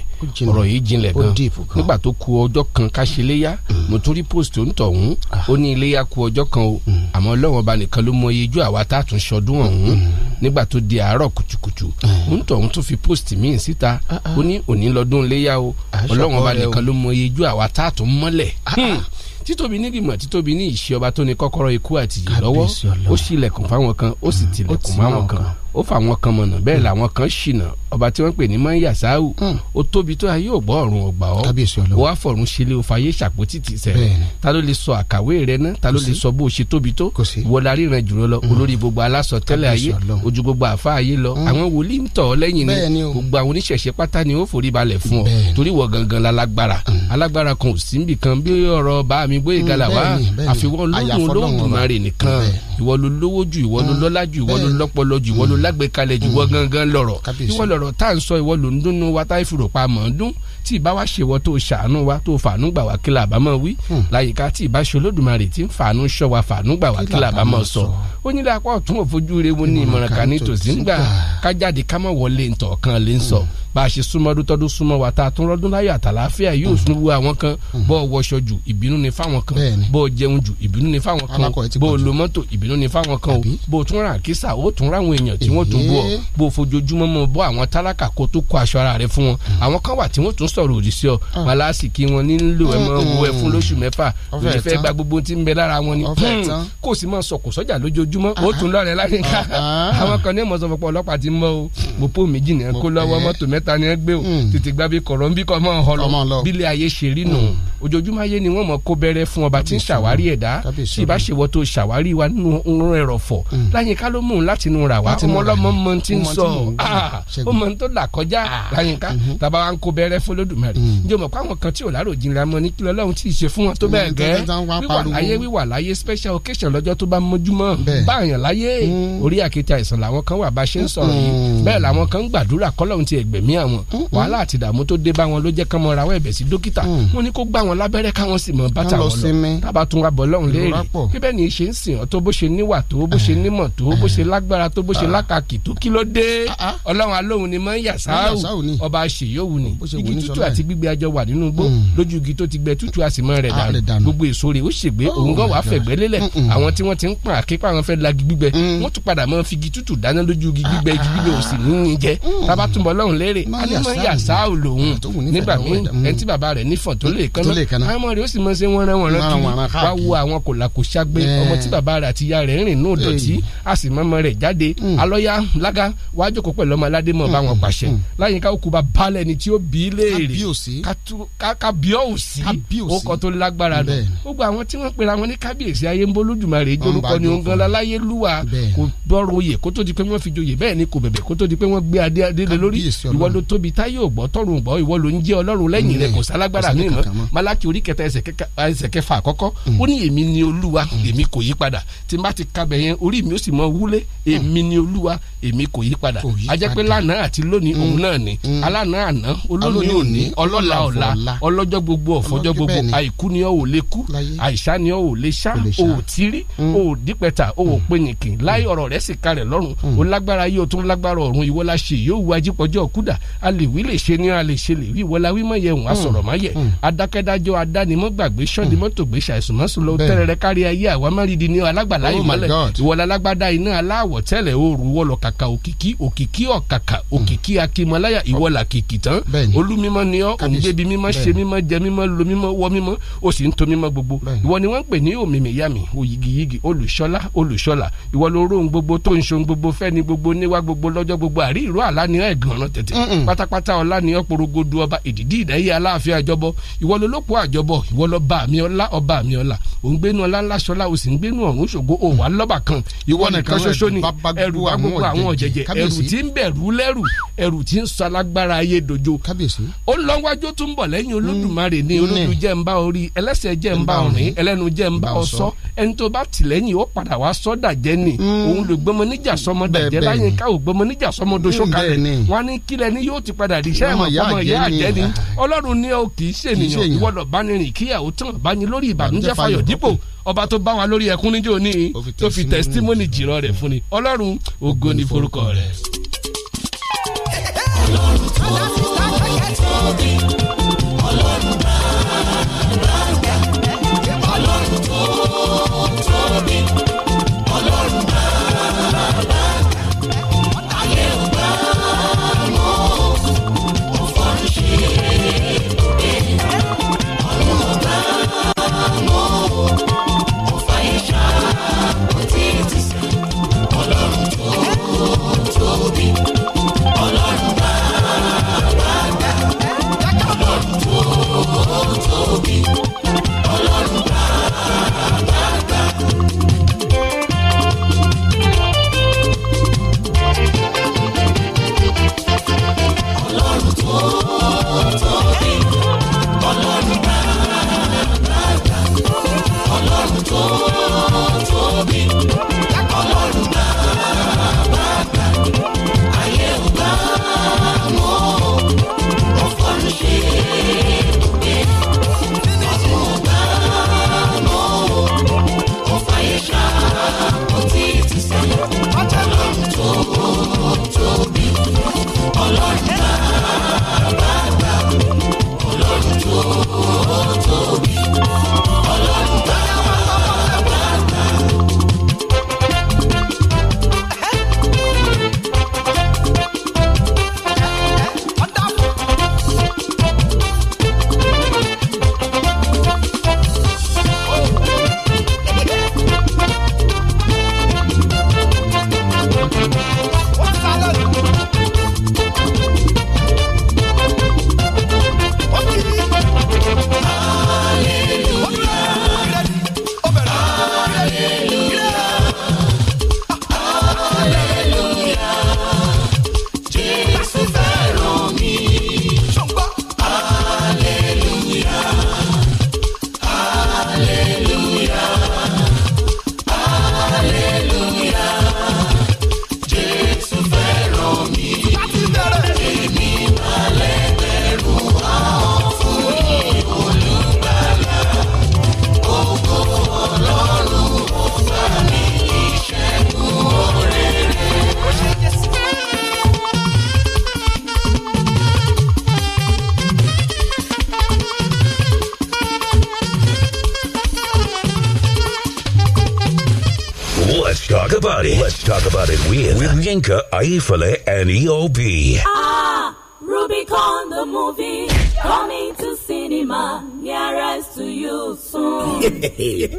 ọ̀rọ̀ yìí jinlẹ̀ gan nígbà tó ku ọjọ́ kan ká ṣe iléyà mm. mo tún rí post tó ń tọ̀hún ah. ó ní iléyà ku ọjọ́ kan o mm. àmọ́ ọlọ́wọ́n ọba nìkan ló mọ iye ju àwa tá a tún ṣọdún ọ̀hún mm. nígbà tó di àárọ̀ kùtùkùtù eh. ń tọ̀hún fi post míì síta ah, ah. ó ní òní lọ́dún iléyà o ọlọ́wọ́n ọba nìkan ló mọ iye ju àwa tá a tún mọ́lẹ̀ hmm títóbi ní ìgbìmọ̀ títóbi ní ìṣe ọba tó ní kọ́kọ́rọ́ ikú àtìyè lọ́wọ́ ó ṣílẹ̀kùn fáwọn kan ó sì mm. tilẹ̀kùn máwọn kan ó fà wọn kan mọ̀nà bẹ́ẹ̀ hmm. làwọn kan ṣìnà ọba tí wọ́n pè ní mọ́n yàsáwù hmm. ó tóbi tó ayé ò gbọ́ ọ̀run ọ̀gbà ọ́ wọ́n á fọ̀run ṣe lé òfàyè ṣàpótì tì sẹ̀ ta ló lè sọ àkàwé rẹ náà ta ló lè sọ bó ṣe tóbi tó wọ́n la ríran jùlọ lọ hmm. olórí gbogbo aláṣọ tẹ́lẹ̀ ayé ojú gbogbo àfa ayé lọ àwọn wòlíì ń tọ̀ ọ́ lẹ́yìn ni gbogbo àwọn oníṣẹ̀ṣẹ̀ pátá ni ó forí balẹ̀ fún ọ torí wọ gangan la lágbára alágbára kan ò sí níbi kan bí ọ̀rọ̀ bá mi bóyá ìgalà wá àfiwọ́ lóhùn lóhùn dùnmọ́ nìkan ìwọ ló lówó ju ìwọ ló lọ́lá ju ìwọ ló lọ́pọlọ ju ìwọ ló l lágbèkalẹ̀ jù wọ́n mm. gangan lọ̀rọ̀ ìwọ lọ̀rọ̀ tá à ń sọ ìwọ ló ń wa táyì fúrò pa mọ̀ ń dún tí ìbá wa ṣèwọ tó ṣàánú wa tó fàánú gbà wá kí la bá máa wí hmm. láyìíká tí ìbá ṣe olódùmarè tí ń fàánú ṣọ́ wa fàánú gbà wá kí la bá máa sọ ó ní dàpọ̀ ọ̀tún òfojú rewu ní ìmọ̀ràn kan ní tòsí ńgbà kájáde ká má wọlé ntọ̀ kan lè ń sọ hmm. bá a ṣe súnmọ́ ọdún tọ́dún súnmọ́ wa tá a tún rọ́dún láyọ̀ àtàláfíà yóò hmm. sún wo àwọn kan bọ́ ọ wọṣọ jù ìbínú ni fáwọn kan bọ́ ọ jẹun jù ìbínú ni fáwọn kan bọ́ lo mọ́tò ìbínú ni fáwọn kan o tún ra àkísà ó tún ra àwọn èèyàn tí wọ́n tún bọ́ ọ bọ́ fojoojúmọ́ mọ́ bọ́ àwọn tálákà kó tó kó aṣọ ara rẹ fún wọn àwọn kan wà tí wọ́n tún sọ̀rọ̀ òdì sí ọ ah. malasi kí wọn nílò ẹ máa wo ẹ fún lóṣù mẹ́fà òní fẹ́ gba gbogbo tí ń bẹ lára wọn ni hmm. kò sì máa sọ̀kò sọ́jà lójoojúmọ́ ah, ó tún lọ́rẹ̀ ah. láyé ká àwọn kan ní ìmọ̀ sọ fọpọ̀ ọlọ́pàá ti mọ́ o mọ̀pọ̀ méjì ni kó lọ́wọ́ mọ́tò mẹ́ta ni gbé o hmm. tètè gba bí kọ̀rọ̀ nbí kọ́ máa hàn lọ bílẹ̀ ayé ṣe rí nù hmm. ojoojúmọ́ ayé ni wọ́n mọ̀ kó bẹ̀rẹ̀ fún ọba tí ń ṣàwárí ẹ̀dá tí ìbá ṣe wọ́n tó ṣàwárí wa nínú ọ̀run ẹ̀rọ̀fọ̀ láyé ká ló mú un láti nu ra wa ọmọlọ́mọ mọ ti ń sọ ó mọ tó là kọjá láyé ká mhm. tàbá wa ń kó bẹ̀rẹ̀ fún Olódùmarè hmm. ǹjẹ́ o mọ̀ pé àwọn kan tí ò lárò jinlẹ̀ mọ́ ní kílọ̀ Ọlọ́run tí ì ṣe fún wọn tó bẹ́ẹ̀ hmm. gẹ́ hmm. wíwà láyé wíwà láyé special occasion lọ́jọ́ tó bá mọ́júmọ́ báyàn láyé orí àkéte àìsàn làwọn kan wà bá ṣe ń sọ̀rọ̀ yìí bẹ́ẹ̀ làwọn kan ń gbàdúrà kọ́lọ́run ti ẹ̀gbẹ̀mí àwọn wàhálà àti ìdààmú tó dé bá wọn ló jẹ́ kán tútù àti gbígbẹ àjọ wà nínú igbó mm. lójú igi tó ti gbẹ tútù a sì mọ rẹ̀ dànù gbogbo èso rẹ̀ ó ṣègbè oh òun gan wàá fẹ̀gbẹ́ lélẹ̀ àwọn tí wọ́n ti ń pọn àképa àwọn fẹ́ lagi gbígbẹ mm. wọ́n tún padà mọ́ figi tútù dáná lójú igi gbígbẹ igi gbígbẹ ò sì ní jẹ bàbá mm. túnbọ̀ lọ́hùn lérè anímọ̀ yàsá ò lòun nígbà míì ẹni tí bàbá rẹ̀ nífọ̀ tó lè kaná àwọn ọmọ rẹ̀ ó sì mọ ṣe wọ́n rán wọn rán kiri wá wo àwọn kòlàkò ṣàgbé ọmọ tí bàbá rẹ̀ àti ìyá rẹ̀ rìn náà dọ̀tí a sì mọ́ jáde alọ́yá lága wájú kó pẹ̀lú ọmọ aládé mọ̀ bá wọn pàṣẹ láyìnká ó kú bá balẹ̀ ni tí ó bí léèrè béèrè kábíyèsí ọkọ̀ tó lágbára nù gbogbo àwọn tí wọ́n pera wọn ní kábíyèsí ayé ń bọ́ lójúmọ́ rè é jórúkọ ni òǹgànlá láyé lúwa kò dọ́rọ̀ oyè kó tó di pé wọ́n fi joyè bẹ́ẹ̀ ni kò bẹ̀bẹ̀ kó tó di pé wọ́n gbé adé adé lórí ìwọ ló tóbi táyé ògbọ́ tọrùn ògbọ́ ìwọ ló ń jẹ́ ọlọ́run lẹ́yìn rẹ̀ kò sálágbára mi mọ́ malaki orí kẹta ẹsẹ̀ kẹfà àkọ́kọ́ mm. ó ní èmi ni olúwa mm. èmi kò yí padà tí n bá ti kabẹ̀ yẹn orí mi ó sì mọ wúlé mm. èmi ni olúwa èmi kò yí padà ajẹ́ pé lánàá àti lónìí òun náà ni alánàá àná olónìí òní ọlọ́la ọ̀la ọlọ́jọ́ gbogbo ọ̀fọ́jọ́ sì karẹ̀ lọ́rùn hmm. ó lágbára yóò tún lágbára ọ̀run ìwọ la ṣe yóò wá jípọ̀jọ́ kúdà a lè wí lè ṣe ní a lè ṣe lè wí ìwọ la wí mọ̀ yẹ òun asọ̀rọ̀ má yẹ hmm. hmm. adákẹ́dájọ́ adánimọ̀ gbàgbé sọ́ni mọ́tò gbé ṣàìsùn mọ́sùn lọ tẹ́rẹ̀rẹ́ kárí ayé àwa má rí di ní alágbàlá oh ìmọ̀lẹ̀ ìwọ la lágbádá iná aláwọ̀ tẹ́lẹ̀ òru la kìkì tán olúmímọ́ ni ọ́ òǹgbẹ́bi mímọ́ ṣe mímọ́ jẹ mímọ́ lo mímọ́ wọ mímọ́ o sì ń to mímọ́ gbogbo ìwọ ni wọ́n ń olùṣọ́lá olùṣọ́lá ìwọ ló róhun gbogbo gbogbo tó ń ṣohun gbogbo fẹ́ni gbogbo níwá gbogbo lọ́jọ́ gbogbo àrí ìró àlá ni ẹ̀gàn ọ̀ràn tẹ̀tẹ̀ pátápátá ọlá ni ọ̀pọ̀rọ̀gbọ̀dù ọba ìdìdí ìdáyé aláàfin àjọbọ ìwọ lolóko àjọbọ ìwọ àmì ọlá ọba àmì ọlá ò ń gbénu ọlá ńlá sọlá o sì ń gbénu ọ̀run ṣògo o wà lọ́bà kan ìwọ nìkan ṣoṣo ni ẹrù bá gbogbo àwọn ọ̀jẹ̀jẹ̀ ẹrù tí ń bẹ̀rù lẹ́rù ẹrù tí ń sọ alágbára ayé dojo ó ń lọ́wájú tó ń bọ̀ lẹ́yìn hmm. olódùmarè ni hmm. olódù jẹ́ ń bá orí ẹlẹ́sẹ̀ jẹ́ ń bá ọ̀rìn ẹlẹ́nu jẹ́ ń bá ọ̀sọ́ ẹni tó bá tìlẹ́yìn ó padà wá sọ́ dàjẹ́ ni hmm. òun lè gbọmọ níjà sọmọ dàjẹ́ láyé ká ò gbọmọ níjà sọmọ doṣó kalẹ̀ wọn ní kílẹ̀ ni yóò ti padà di iṣẹ́ ìmọ̀ ọmọ ìyá àjẹ́ ni ọlọ́run ní o kì í ṣènìyàn ìwọ́dọ̀ bá ní rìn kíyàwó tán bá ní lórí ìbànújẹ́ fayọ̀dí dípò ọba tó bá wọn lórí ẹkún níjó ní tó fi tẹsítímọ́nì jìrọ̀ rẹ̀ fún ni ọlọ́run ògo ni forúkọ rẹ̀. ọlọ́run tó ń bá tóbi. Yinka, Aifale, and EOB. Ah, Rubicon the movie coming to cinema nearest to you soon.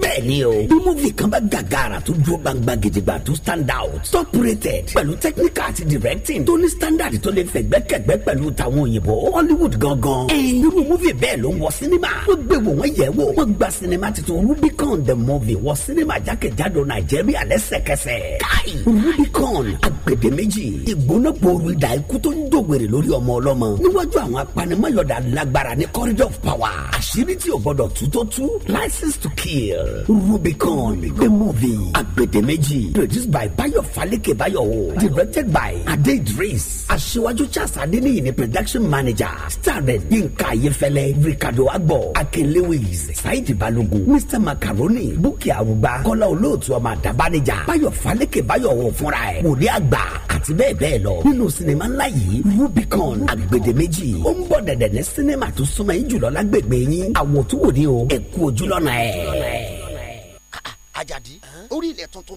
bẹ́ẹ̀ni o bí múvi kan bá gàgàrà tó dúró gbangba gidigba tó stand out top rated pẹ̀lú technical àti directing tó ní standard tó lè fẹ̀gbẹ́kẹ̀gbẹ́ pẹ̀lú tàwọn òyìnbó hollywood gangan. irú múvi bẹ́ẹ̀ ló ń wọ sinima wọ́n gbé wò wọ́n yẹ̀ wò wọ́n gba sinima titun rubicon the movie wọ sinima jákèjádò nàìjíríà lẹ́sẹ̀kẹsẹ̀. káì rubicon pèpè méjì ìgbóná gbòòrò ìdá ikú tó ń dògbèrè lórí ọmọ ọlọ́mọ níwájú àwọn apanimọ́yọ̀dà lágbára ní corridor of power àṣírí tí o gbọ́dọ̀ tú tó tú license to kill rubicon the movie àgbèdè méjì produced by bayo falike bayo directed by ade idris aṣíwájú charles adeniyi ni production manager starred yinka ayefẹlẹ ricardo agbo akin lewis saidi balogun mr macaroni bukki arugba kọlá olóòtú ọmọ àdàbánijà Bayo falẹ́kẹ̀ Bayo wọ̀ fúnra ẹ̀ wòlé àgbà àti bẹ́ẹ̀ bẹ́ẹ̀ lọ nínú sinimá ńlá yìí rubicon agbedeméjì ó ń bọ̀ dẹ̀dẹ̀ ní sinimá tó súnmọ́ yín jùlọ lágbègbè yín àwòtúwòde o ẹ̀kú ojúlọ́nà ẹ̀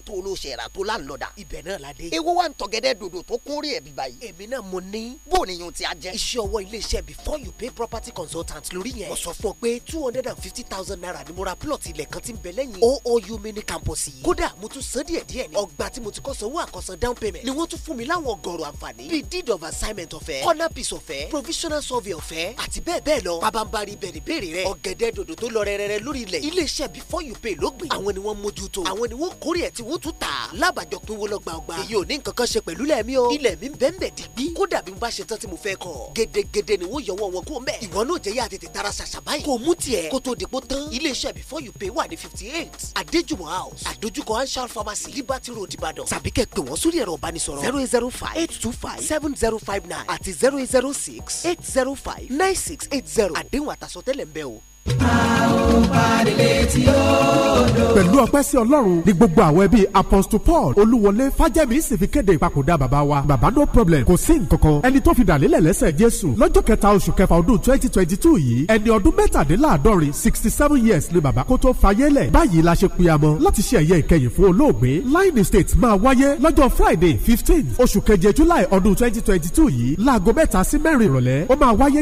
tó tó olóṣè rà tó láńlọ́dà. ibẹ̀ náà la dé. ewo wa ń tọ̀gẹ́dẹ́ dòdò tó kún rí ẹ̀bí báyìí. èmi náà mo ní. bó ni yun ti a jẹ. iṣẹ́ ọwọ́ iléeṣẹ́ before you pay property consultant lórí yẹn. mo sọ fún ọ pé two hundred and fifty thousand naira ni mo ra plot ilẹ̀ kan tí ń bẹ lẹ́yìn OOU mini campus yìí. kódà mo tún san díẹ̀ díẹ̀ ni. ọgbà tí mo ti kọ́ sanwó àkọsán down payment ni wọ́n tún fún mi láwọn ọgọ́rùn àǹfààní bíi deed of assignment ọ̀fẹ́ corner piece ọ̀fẹ́ provisional survey ọ̀fẹ́ àti bẹ́ẹ̀ bẹ́ẹ̀ lọ. pabambari bẹ̀rẹ̀ bẹ̀rẹ̀ rẹ ọ̀gẹ̀dẹ̀ dòdò tó lọ rẹ̀rẹ̀rẹ̀ lórí ilẹ̀ iléeṣẹ́ before you pay ló gbìn. àwọn ni wọ́n mójútó àwọn ni wọ́n kórè ń tún tà á lábàjọ pé wọ́n lọ́gba ọgbà èyí ò ní nǹkan kan ṣe pẹ̀lú lẹ́mí o ilẹ̀ mi bẹ́ẹ̀nbẹ́ digbí kódà bí mo bá ṣe tán tí mo fẹ́ kọ́ gédégédé ni wọ́n yọwọ́ wọn kó mẹ́ ìwọ náà jẹ́ yá tètè tara ṣàṣà báyìí kò mú tiẹ̀ kó tó dìpọ́ tán iléeṣẹ́ before you pay wà ní fifty eight adéjùmọ̀ house àdójúkọ anshan pharmacy liberty road ìbàdàn tàbí kẹ́ pè wọ́n sórí ẹ̀rọ ìbánisọ̀rọ̀ zero zero five eight two five seven zero five nine àti zero zero six eight zero five nine six eight zero àdéhùn àtàsọtẹ́lẹ̀ ń bẹ o pẹ̀lú ọpẹ́ sí ọlọ́run ní gbogbo àwọn ẹbí apostle paul olúwọlé fájẹ́mi sì fi kéde ìpapòdà bàbá wa bàbá no problem kò sí nǹkankan ẹni tó fi dà nílẹ̀ lẹ́sẹ̀ jésù lọ́jọ́ kẹta oṣù kẹfà ọdún twenty twenty two yìí ẹni ọdún mẹ́tàdínláàdọ́rin sixty seven years ni bàbá kó tó fayé lẹ̀ báyìí la ṣe pìyàmọ́ láti ṣe ẹ̀yẹ ìkẹyìn fún olóògbé line state máa wáyé lọ́jọ́ friday fifteen oṣù july ọdún twenty twenty two yìí láago mẹ́ta sí mẹ́rin ìrọ̀lẹ́ ó máa wáyé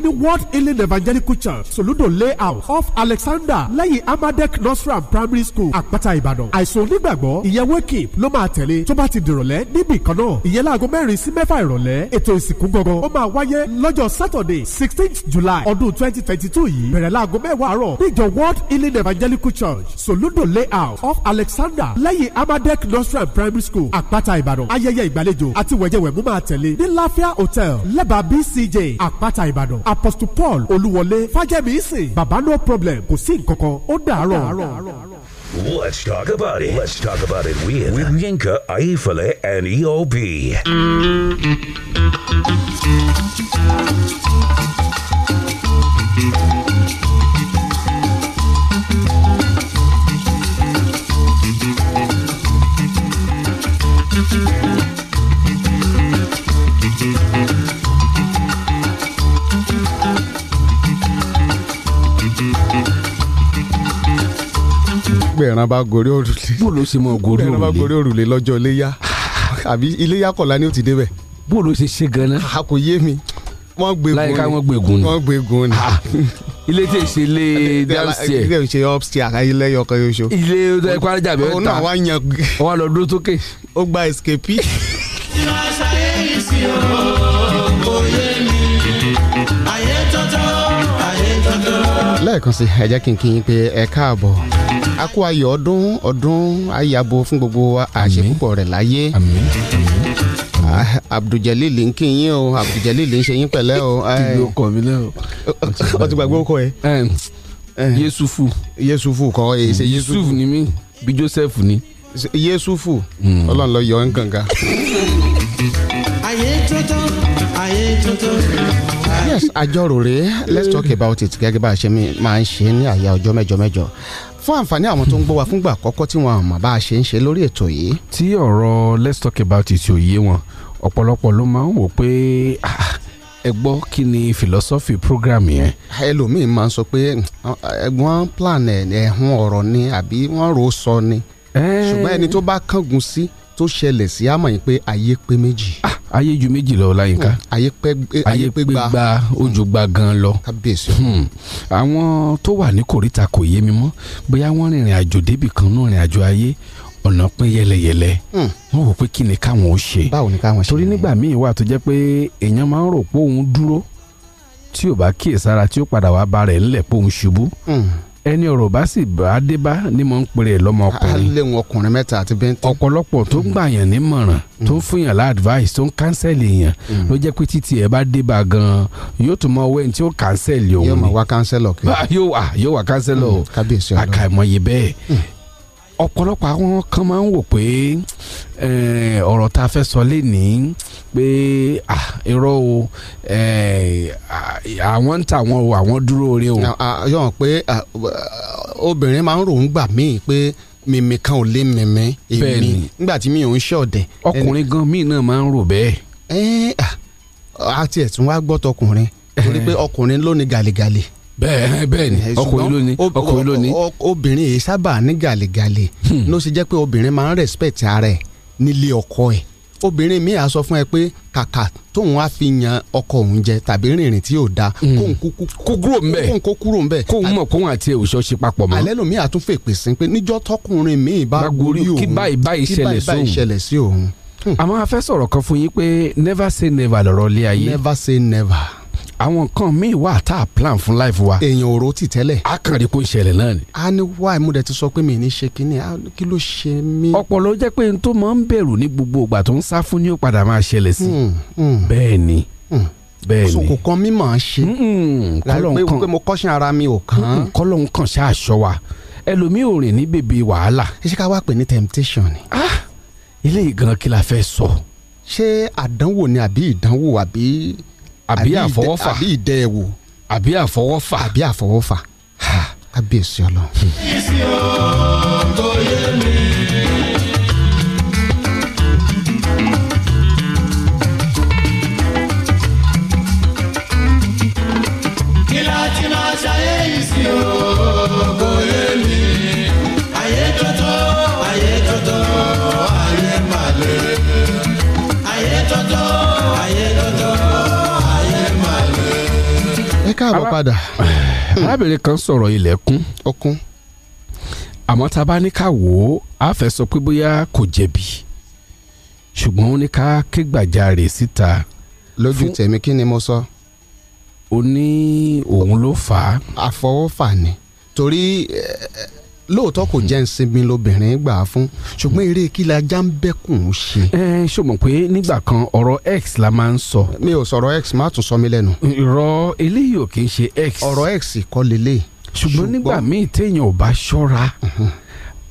evangelical church soludo layout Of alexander lẹ́yìn amadek nursery primary school àpáta ìbàdàn àìsàn onígbàgbọ́ ìyẹn wake up ló máa tẹ̀lé tó bá ti dìrọ̀lẹ́ níbì kan náà ìyẹn láago mẹ́rin sí mẹ́fà ìrọ̀lẹ́ ètò ìsìnkú gangan ó máa wáyé lọ́jọ́ saturday sixteenth july ọdún twenty twenty two yìí bẹ̀rẹ̀ láago mẹ́wàá àárọ̀ níjọ world healing evangelical church soludo layout of alexander lẹ́yìn amadek nursery primary school àpáta ìbàdàn ayẹyẹ ìgbàlejò àti wẹ̀jẹ̀wẹ̀mú máa tẹ̀lé ní lafia hotel lẹ́bàá bcj àpáta ìbàdàn apostle paul olúwọlé fájẹ́mi ìsìn problem kò sí nǹkan kan ó dàárọ̀. Let's talk about it. Let's talk about it with, with Yinka, Aifale, and EOB. Mm-hmm. ẹran bá gorí òrùlé. bó ló ṣe mọ gorí òrùlé ẹran bá gorí òrùlé lọ́jọ́ iléyà àbí iléyà kọ̀ọ̀la ni ó ti débẹ̀. bó ló ṣe ṣe gan-an. a kò yé mi wọ́n gbẹ̀gùn ni láyìíká wọ́n gbẹ̀gùn ni wọ́n gbẹ̀gùn ni. ilé tí èsì lé downstairs. ilé ìṣe upstairs ilé ọkọ yosò. ilé ìkwájà bẹ́ẹ̀ ta òun náà wá yan. wọ́n lọ lẹ́ẹ̀kan sí ẹ jẹ́ kí ẹ káàbọ̀ a kú ayọ̀ ọdún ọdún ayabo fún gbogbo àṣepúpọ̀ rẹ̀ láyé abduljalil ń kí yín o abduljalil ń ṣe yín pẹ̀lẹ́ o. ibi ọkọ mi lẹ o. ti gbàgbé ọkọ ẹ. yesufu. yesufu kọ́ ẹ ṣe yesufu. Mm. yusuf ni mí bí joseph ni. yesufu mm. ọlọ́run ló yọ ọ́ nkankan. ayé yes àjọrò let's talk about it gẹ́gẹ́ bá a ṣe máa ń ṣe ní àyà ọjọ́ mẹ́jọ mẹ́jọ fún àǹfààní àwọn tó ń gbọ́ wa fúngbà àkọ́kọ́ tí wọn àmọ́ bá a ṣe ń ṣe lórí ètò yìí. tí ọ̀rọ̀ let's talk about it yóò yé wọn ọ̀pọ̀lọpọ̀ ló máa ń wò pé ah, ẹ gbọ́ kí ni philosophy program yẹn. ẹlòmíì máa ń sọ pé ẹ̀gbọ́n plan ẹ̀hún ọ̀rọ̀ ni àbí wọ́n rò ó sọ ni ṣùgbọ́n ẹni tó bá kángun sí. Si tó ṣẹlẹ̀ sí àmọ̀ yìí pé ayé pé méjì. Ah, ayé ju méjì lọ láyínká. Hmm, ayé pé eh, gba ojú gba gan lọ. kábíyèsí. Hmm, àwọn tó wà ní kòríta kò yé mi mọ́ bóyá wọ́n rìnrìn àjò débì kan náà rìn àjò ayé ọ̀nà pín yẹlẹyẹlẹ hmm. wọ́n wò pé kí ni káwọn ó ṣe. báwo ni káwọn ṣe. torí nígbà míì wà tó jẹ́ pé èèyàn máa ń rò pé òun dúró tí ò bá kíyèsára tí ó padà wá ba rẹ̀ ńlẹ̀ pé òun ṣubú ẹni ọ̀rọ̀ bá sì bá dé bá ni mo ń pèrè lọ́mọ ọkùnrin. a lé wọn ọkùnrin mẹ́ta àti bẹ́ńtẹ́. ọ̀pọ̀lọpọ̀ tó ń hmm. gbà yàn nímọ̀ràn hmm. tó ń fún yàn lá advice tó ń kánsẹ́lì yàn hmm. ló jẹ́ pé títí ẹ̀ bá dé bá gan-an yóò tún mọ owó ẹni tí ó kánsẹ́lì òun ni. yóò wá kánsẹ́lọ̀ kí. yóò wá kánsẹ́lọ̀ o àkàìmọye bẹ́ẹ̀ ọ̀pọ̀lọpọ̀ àwọn kan máa ń wò pé ọ̀rọ̀ tá a fẹ́ sọ lénìí pé irọ́ o àwọn ń tà wọ́n o àwọn dúró ore o. yọ̀n pé obìnrin máa ń rò ń gbà míì pé mímí kan ò lé mímí èmi nígbà tí mi ò ń ṣe ọkùnrin gan míì náà máa ń rò bẹ́ẹ̀. ẹ ẹ àti ẹ̀tún wá gbọ́ tọkùnrin torí pé ọkùnrin ló ní gàlégàlé bẹ́ẹ̀ bẹ́ẹ̀ ni ọkùnrin ló ní ọkùnrin ló ní. obìnrin yìí sábà ní gàlégàlé hmm. ló ṣe jẹ́ pé obìnrin máa ń respect ara ẹ̀ nílé ọkọ ẹ̀ obìnrin mi à sọ fún ẹ pé kàkà tóun á fi yan ọkọ òun jẹ tàbí rìnrìn tí yóò da hmm. kóun kó kúrò ńbẹ kóun kó kúrò ńbẹ kóun mọ kóun àti òṣìṣẹ́ ṣe papọ̀ mọ́. alẹ́ lomi àtúnfẹ́ pèsè pé níjọ́ tọkùnrin mi bá gorí òun kí báyìí báyìí ṣẹlẹ̀ sí òun. àmọ́ hmm. a sọ̀rọ̀ kan fún yín pé never say never lọ́rọ̀ lé ayé. never say never àwọn nǹkan míì wà tá a plan fún life wa. èèyàn òró ti tẹ́lẹ̀. a kàn rí kó ìṣẹ̀lẹ̀ náà ni. a ní wá ìmúdẹ ti sọ pé mi ní ṣe kínní kí ló ṣe mí. ọpọlọ jẹ́ pé n tó máa ń bẹ̀rù ní gbogbo ìgbà tó ń sá fún ni ó padà máa ṣẹlẹ̀ sí. Hmm, hmm. bẹ́ẹ̀ ni hmm. bẹ́ẹ̀ ni sòkò kan mímọ̀ ń ṣe. kọ́lọ̀ pé mo kọ́ṣẹ́ ara mi ò kàn. kọ́lọ̀ ń kàn wa ẹlòmíì ò rìn ní bèbè wàhálà. ṣé ká wá pè ní temptation ni. ah ilé ìgan kí la fẹ́ sọ. ṣé àdánwò ni àbí ìdánwò àbí àbí àfọwọ́fà àbí ìdẹ ẹ wò àbí àfọwọ́fà àbí àfọwọ́fà kábíyèsí ọlọ́run. ìsì ooo tó káàbọ̀ padà. arábìnrin kan sọ̀rọ̀ ilẹ̀kùn. ọkùn. àmọ́ tá a bá ní ká wò ó a sọ pé bóyá kò jẹ̀bi ṣùgbọ́n ó ní ká ké gbàjarè síta. lójú tèmi kí ni mo sọ. ó ní òun ló fà á. àfọwọ́fà ni torí lóòótọ́ kò jẹ́ ìsinmi lobìnrin gbà á fún ṣùgbọ́n eré kí la já ń bẹ́kùn ún ṣe. ẹ ṣó mọ̀ pé nígbà kan ọ̀rọ̀ x la máa ń sọ. mi ò sọ̀rọ̀ x má tún sọ mi lẹ́nu. ìrọ̀ eléyìí ò kì í ṣe x. ọ̀rọ̀ x kọ́ lélẹ̀. ṣùgbọ́n nígbà míì téèyàn ò bá ṣọ́ra mhm.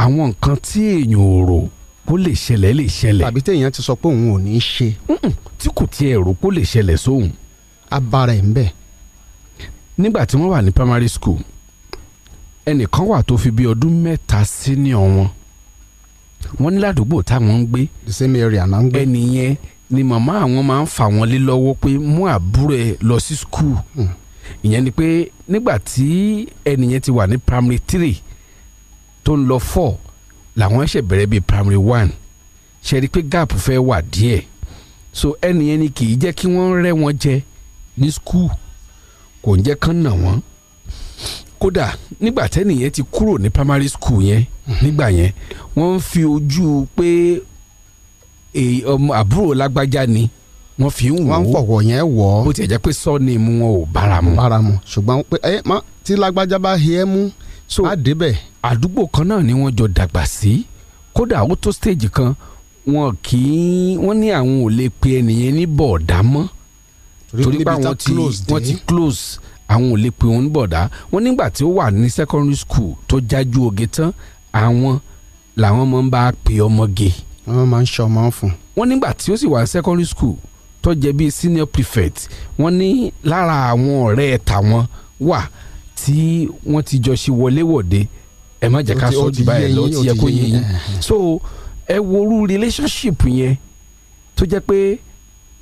àwọn nǹkan tí èèyàn ò rò kó lè ṣẹlẹ̀ lè ṣẹlẹ̀. tàbí téèyàn ti sọ pé òun ò ní í ṣe. tí kò tiẹ̀ rò kó lè ṣẹlẹ̀ sóhun. abara ẹ̀ ń bẹ̀. nígbà tí wọ́n wà ní primary school ẹnìkan wà tó fi bí ọdún mẹ́ta senior wọn wọ́n ní ládùúgbò táwọn ń gbé the same area náà ń ẹnìyẹn ni màmá àwọn máa ń fà wọ́n lé lọ́wọ́ pé mú àbúrò ẹ lọ sí school hmm. ìyẹn ni pé nígbà tí ẹnìyẹn ti wà ní primary three tó ń lọ four làwọn ẹsẹ̀ bẹ̀rẹ̀ bíi primary one ṣe rí i pé gap fẹ́ wà díẹ̀ so ẹnìyẹn ni kì í jẹ́ kí wọ́n rẹ́ wọn jẹ ní school kò ń jẹ́ kán nà wọ́n kódà nígbà tẹ́nìyẹn ti kúrò ní primary school yẹn mhm. nígbà yẹn wọ́n ń fi ojú pé àbúrò lágbájá ni wọ́n fi ń wò ó wọ́n ń fọwọ́ yẹn wọ̀ ọ́ bó tiẹ̀ jẹ́ pé sọ́ọ̀nì mu wọn ò bára mu. bára mu ṣùgbọ́n pé ẹ má tí lágbájá bá hi ẹ́ mú so á débẹ̀. àdúgbò kan náà ni wọ́n jọ dàgbà sí kódà ó tó stage kan wọn kì í wọ́n ní àwọn ò lè pe ẹnìyẹn ní bọ̀ọ̀dá mọ́ torí pé wọ́n ti close àwọn ò lè pe òun bọ̀dá wọn nígbà tí ó wà ní secondary school tó jájú oge tán àwọn làwọn máa ń bá pe ọmọge. wọ́n máa ń ṣe ọmọ fún. wọ́n nígbà tí ó sì wà ní secondary school tó jẹ́ bíi senior prefect wọ́n ní lára àwọn ọ̀rẹ́ ẹ̀ tàwọn wà tí wọ́n ti jọ ṣe wọléwọ̀de ẹ má jẹ́ ká sọ ti báyìí lọ ti yẹ kó yé yín so ẹ worú relationship yẹn tó jẹ́ pé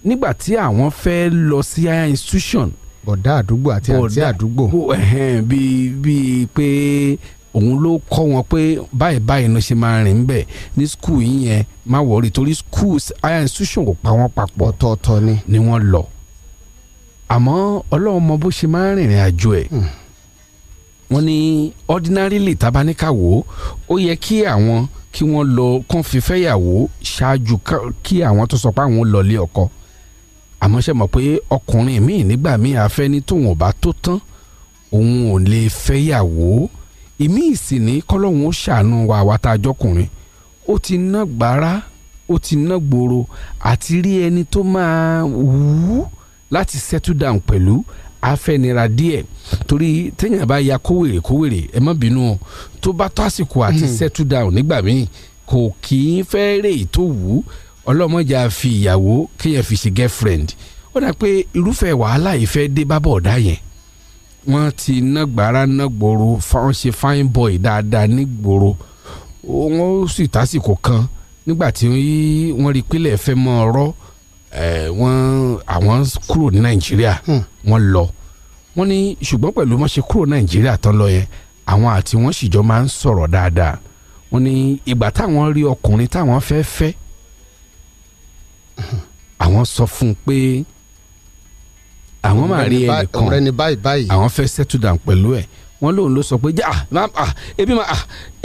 nígbà tí àwọn fẹ́ lọ sí higher institution bọ̀dá àdúgbò àti àǹtí àdúgbò. bíi bíi pé òun ló kọ́ wọn pé báyìí báyìí ló ṣe máa rìn bẹ̀ ní skul yìí yẹn má wọrí torí skul higher institution kò pa wọ́n papọ̀ ọ̀tọ̀ọ̀tọ̀ ni ni wọ́n lọ àmọ́ ọlọ́run mọ bó ṣe máa ń rìnrìn àjò ẹ̀ hmm. wọ́n ní ordinarily tabaníkàwó ó yẹ kí àwọn kí wọ́n lọ kán fi fẹ́yàwó ṣáájú kí àwọn tó sọ pé àwọn lọ lé ọkọ àmọ́ ṣe mọ̀ pé ọkùnrin míì nígbà míì afẹ́ ní tóun ò bá tó tán òun ò lè fẹ́yàwó ìmí ìsìn ní kọ́lọ́hún ó ṣàánú wa àwa tá a jọkùnrin ó ti ná gbára ó ti ná gbòòrò àti rí ẹni tó máa wù láti settle down pẹ̀lú afẹ́nira díẹ̀ torí téèyàn bá ya kówèrè kówèrè ẹ má bínú o tó bá tó àsìkò àti hmm. settle down nígbà míì kò kì í fẹ́ rè tó wù ú ọlọ́mọjà fi ìyàwó kéèyàn fi sí girlfriend ó dà pé irúfẹ́ wàhálà ìfẹ́ dé bábọ̀ ọ̀dà yẹn wọ́n ti nágbára nágboro fáwọn ṣe fine boy dáadáa nígboro wọ́n sì tásìkò kan nígbà tí wọ́n rí pílẹ̀ fẹ́ mọ́ ọ̀rọ̀ wọ́n àwọn kúrò ní nàìjíríà hmm. wọ́n lọ wọ́n ní ṣùgbọ́n pẹ̀lú wọ́n ṣe kúrò nàìjíríà tán lọ yẹn àwọn àti wọ́n ṣìjọ máa ń sọ̀rọ̀ dáadáa wọ́n ní ìgbà táwọn rí ọkùnrin táwọn fẹ́ fẹ́ àwọn sọ fún un pé àwọn máa rí ẹnìkan ọ̀rẹ́ ni báyìí báyìí àwọn fẹ́ settle down pẹ̀lú ẹ̀ wọ́n lóun ló sọ pé ja ah ebi ma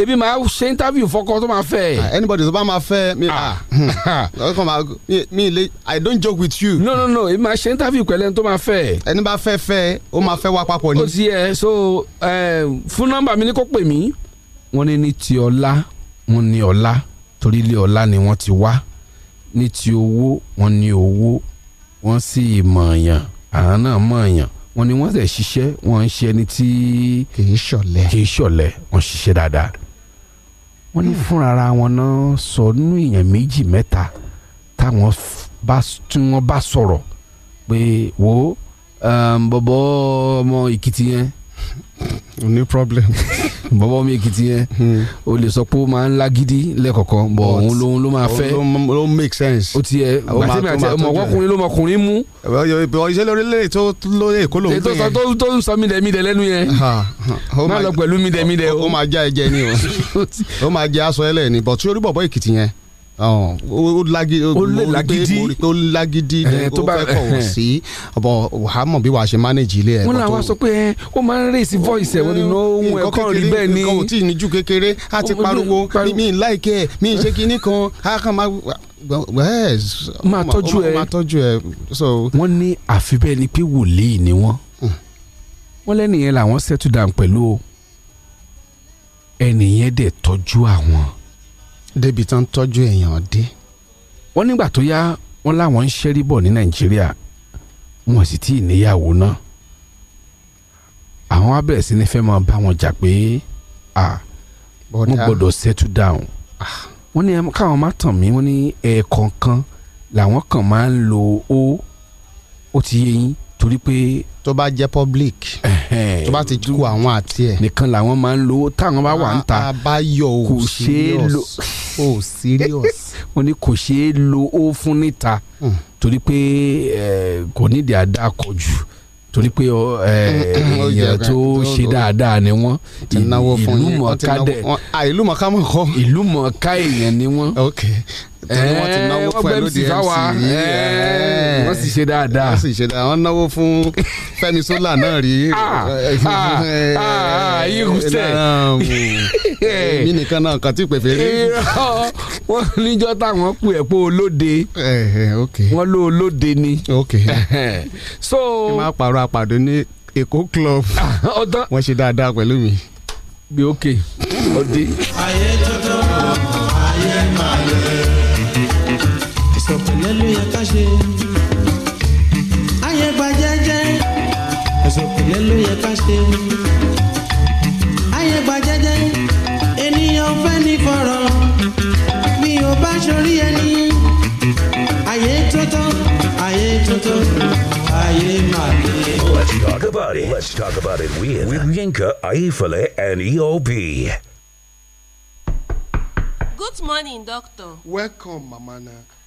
ebi ma ṣe interview fọkọ tó máa fẹ́ ẹ̀. anybody tó bá máa fẹ́ mi ah mi le i don't joke with you. no no no ebi ma ṣe interview pẹ̀lú ẹni tó máa fẹ́ ẹ̀. ẹni bá fẹ́ fẹ́ ó máa fẹ́ wá papọ̀ ni. ó ti yẹ so fún nọ́mbà mi ni kò pè mí wọ́n ní ní ti ọlá wọ́n ní ọlá torí ilé ọlá ni wọ́n ti wá ní ti owó wọ́n ní owó wọ́n sì mọ̀ọ̀yàn àwọn náà mọ̀ọ̀yàn wọ́n ní wọ́n sì ṣiṣẹ́ wọ́n ń ṣe ẹni tí kìí ṣọ̀lẹ kìí ṣọ̀lẹ wọ́n ṣiṣẹ́ dáadáa wọ́n ní fúnra wọn náà sọ nínú èèyàn méjì mẹ́ta táwọn bá tí wọ́n bá sọ̀rọ̀ pé wo bọ̀bọ̀ ọmọ èkìtì yẹn ní problem. bọ́bọ́ mi èkìtì yẹn hmm. o lè sọ pé ó máa ń lágídí lẹ́kọ̀ọ̀kan bọ̀ òun lòun ló máa fẹ́. ló make sense. o ti yẹ gbàtí mi àti ọmọkùnrin ló mọkùnrin mú. iṣẹ́ lórí lè tó lórí èkó lòun fẹ́ yẹn. tó ń sọ mi dẹ̀ mi dẹ̀ lẹ́nu yẹn. má lọ pẹ̀lú mi dẹ̀ mi dẹ̀ o. ó máa já ẹ̀jẹ̀ ni o ó máa jẹ aṣọ ẹlẹ́ni bọ̀ tí orí bọ̀bọ̀ èkìtì yẹn Oh. ó lágídí eh, ó lágídí ó lágídí ó fẹ́ kọ̀ eh. sí ọ̀bọ̀ wàhámọ̀ bí wàá ṣe manage ilé ẹ̀. wọ́n náà wá sọ pé eh, ó máa ń raise voice ẹ̀ wọ́n ní ohun ẹ̀kọ́ rí bẹ́ẹ̀ ni. nǹkan tí ìníjú kékeré á ti pariwo mi ì láìkẹ́ ẹ̀ mi ì ṣe kinní kan á kàn máa máa tọ́jú ẹ̀ máa tọ́jú ẹ̀. wọ́n ní àfi bẹ́ẹ̀ ni pé wòlíì ni wọ́n hmm. wọ́n lẹ́nìyẹn làwọn settle down pẹ̀lú ẹnìyẹn dẹ̀ tọ́jú àwọn débi tán tọ́jú èèyàn dé. wọ́n nígbà tó yá wọ́n láwọn ń ṣẹ́rí bọ̀ ní nàìjíríà wọn sì tí ì níyàwó náà. àwọn á bẹ̀rẹ̀ sí ní fẹ́ máa bá wọn jà pé wọ́n gbọ́dọ̀ settle down. wọ́n ní káwọn má tàn mí wọ́n ní ẹ̀ẹ̀kọ̀ọ̀kan làwọn kàn máa ń lo ó ó ti yé yín torí pé. tó bá jẹ́ public tó bá ti kú àwọn àti ẹ̀. nìkan làwọn máa ń lo táwọn bá wà ń ta kò ṣeé lo oh serious. wọ́n ní kò ṣeé lo ó fún níta hmm. torí pé kò nídìí àdàkọ jù torí pé èèyàn tó ṣe dáadáa ni wọ́n ìlú mọ̀ọ́ká dẹ̀ ah, ìlú mọ̀ọ́ká mọ̀ọ́kọ́ ìlú mọ̀ọ́ká èèyàn ni wọ́n wọ́n gbẹ́rù sí fáwa wọ́n sì ṣe dáadáa wọ́n sì ṣe dáadáa wọ́n náwó fún Fẹ́mi Sola náà rí irúsẹ̀ mí nìkan náà kàn tí pè fèrè. wọ́n níjọ́ táwọn pè é pé olóde wọ́n ló olóde ni. so. ẹ máa pààrọ̀ àpàdé ní Èkó club wọ́n ṣe dáadáa pẹ̀lú mi. bí ókè ọdẹ. ayé tó tó ayé máa lè yẹn ká ṣe. ayé gba jẹ́jẹ́ ẹ̀sùnkùn yẹn ló yẹ ká ṣe. ayé gba jẹ́jẹ́ ènìyàn fẹ́ ní fọ̀rọ̀ mi ò bá ṣorí ẹni. ayé tótó ayé tótó ayé màá lè. Let's talk about it. Let's talk about it with, with Yinka Aifale and EOB. Good morning, doctor. Welcome, Mamana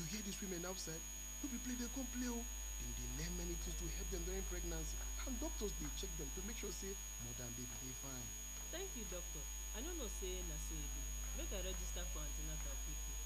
You hear these women outside? No be play, they come play. Oh. Then they learn many things to help them during pregnancy. And doctors, they check them to make sure, say, mother and baby, they fine. Thank you, doctor. I don't know, say, na so it e Make I register for antenatal quickly.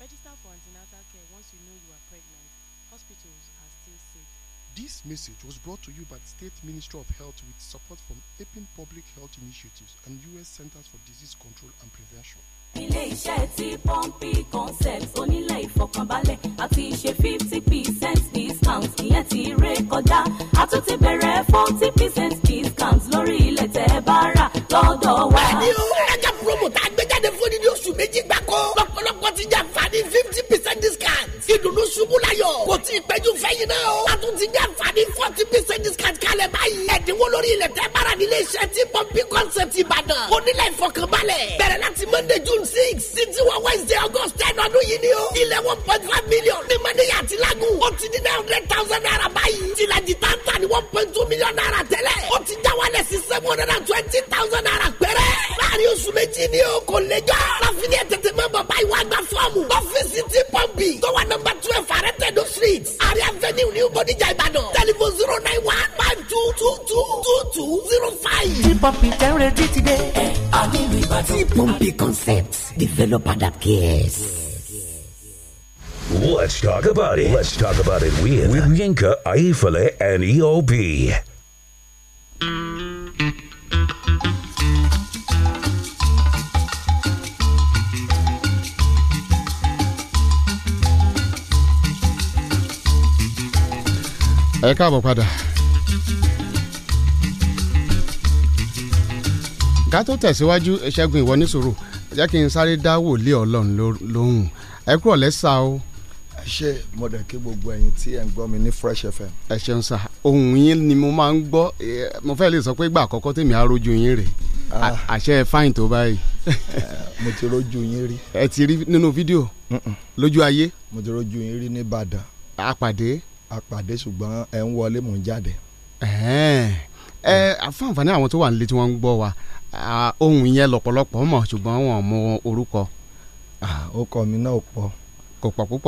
Register for antenatal care once you know you are pregnant. Hospitals are still safe. This message was brought to you by the State Ministry of Health with support from APIN e Public Health Initiatives and U.S. Centers for Disease Control and Prevention ilé iṣẹ́ ti pọ́ǹpì concept onílẹ̀ ìfọkànbalẹ̀ àti ṣe fifty percent discount ìyẹn ti ré kọjá a tún ti bẹ̀rẹ̀ forty percent discount lórí ilẹ̀ tẹ́ bá rà lọ́dọ̀ wa. ẹni o ẹja promo tá jáde fún ní oṣù méjì gbáko lọ́pọ̀lọpọ̀ ti jàǹfààní fifty percent discount ìdùnnú ṣubú láyọ̀ kò tí ì péjú fẹ́yìn náà o a tún ti jàǹfààní forty percent discount kalẹ̀ báyìí ẹ̀dínwó lórí ilẹ̀ tẹ́ bára nílé iṣẹ́ tí pọ́ńpì concept ìbàdàn onílẹ̀ ìfọkànbalẹ̀ bẹ̀rẹ̀ láti monday june six sí tiwọn wednesday august ten ọdún yìí ni o ilẹ̀ one point five million ní mọ́ndéyà àti lágùn ó ti di nine hundred thousand naira báyìí tìlàjì táǹtà ní one point two million naira tẹ́lẹ̀ lẹ́jọ́. láfíìnì tètè máa bọ̀ wá gba ti tó wà nọ́mbà twelve àrẹ street àrẹ avenue ní bodijà ìbàdàn tẹlifon zero nine one five two two two two two zero five. ti pọ́ǹpì tẹ́ ń retí ti dé. ẹ a nílò ìbàdàn. ti developer that Let's talk about it. Let's talk about it with, with Yinka, Aifale, and EOB. ẹ káàbọ̀ padà. ká tó tẹ̀síwájú ṣẹ́gun ìwọ níṣòro jẹ́ kí n sáré dá wòlíì ọlọ́run lóhùn ẹ kúrò lẹ́sà o. ẹ ṣe mọ̀dà kí gbogbo ẹ̀yin tí ẹ̀ ń gbọ́ mi ní Fresh FM. ẹ ṣeun sá ohun yín ni mo máa ń gbọ́ mo fẹ́ lè sọ pé ìgbà àkọ́kọ́ tèmi arójú yín rè ah. àṣẹ ẹ fáìn tó báyìí. Eh, mo ti rójú yín rí. ẹ ti rí nínú fídíò lójú ayé. mo ti rójú yín rí ní Ìbàdàn. àpàdé àpàdé ṣùgbọ́n ẹ ń wọlé mò ń jáde. ẹ fún àǹfààní àwọn tó wà nílé tí wọ́n ń gbọ́ wa ohun yẹn lọ́pọ̀lọpọ̀ mọ̀ ṣùgbọ́n wọn mọ orúkọ. ó kọ mi náà pọ̀. kò pọ̀ púpọ̀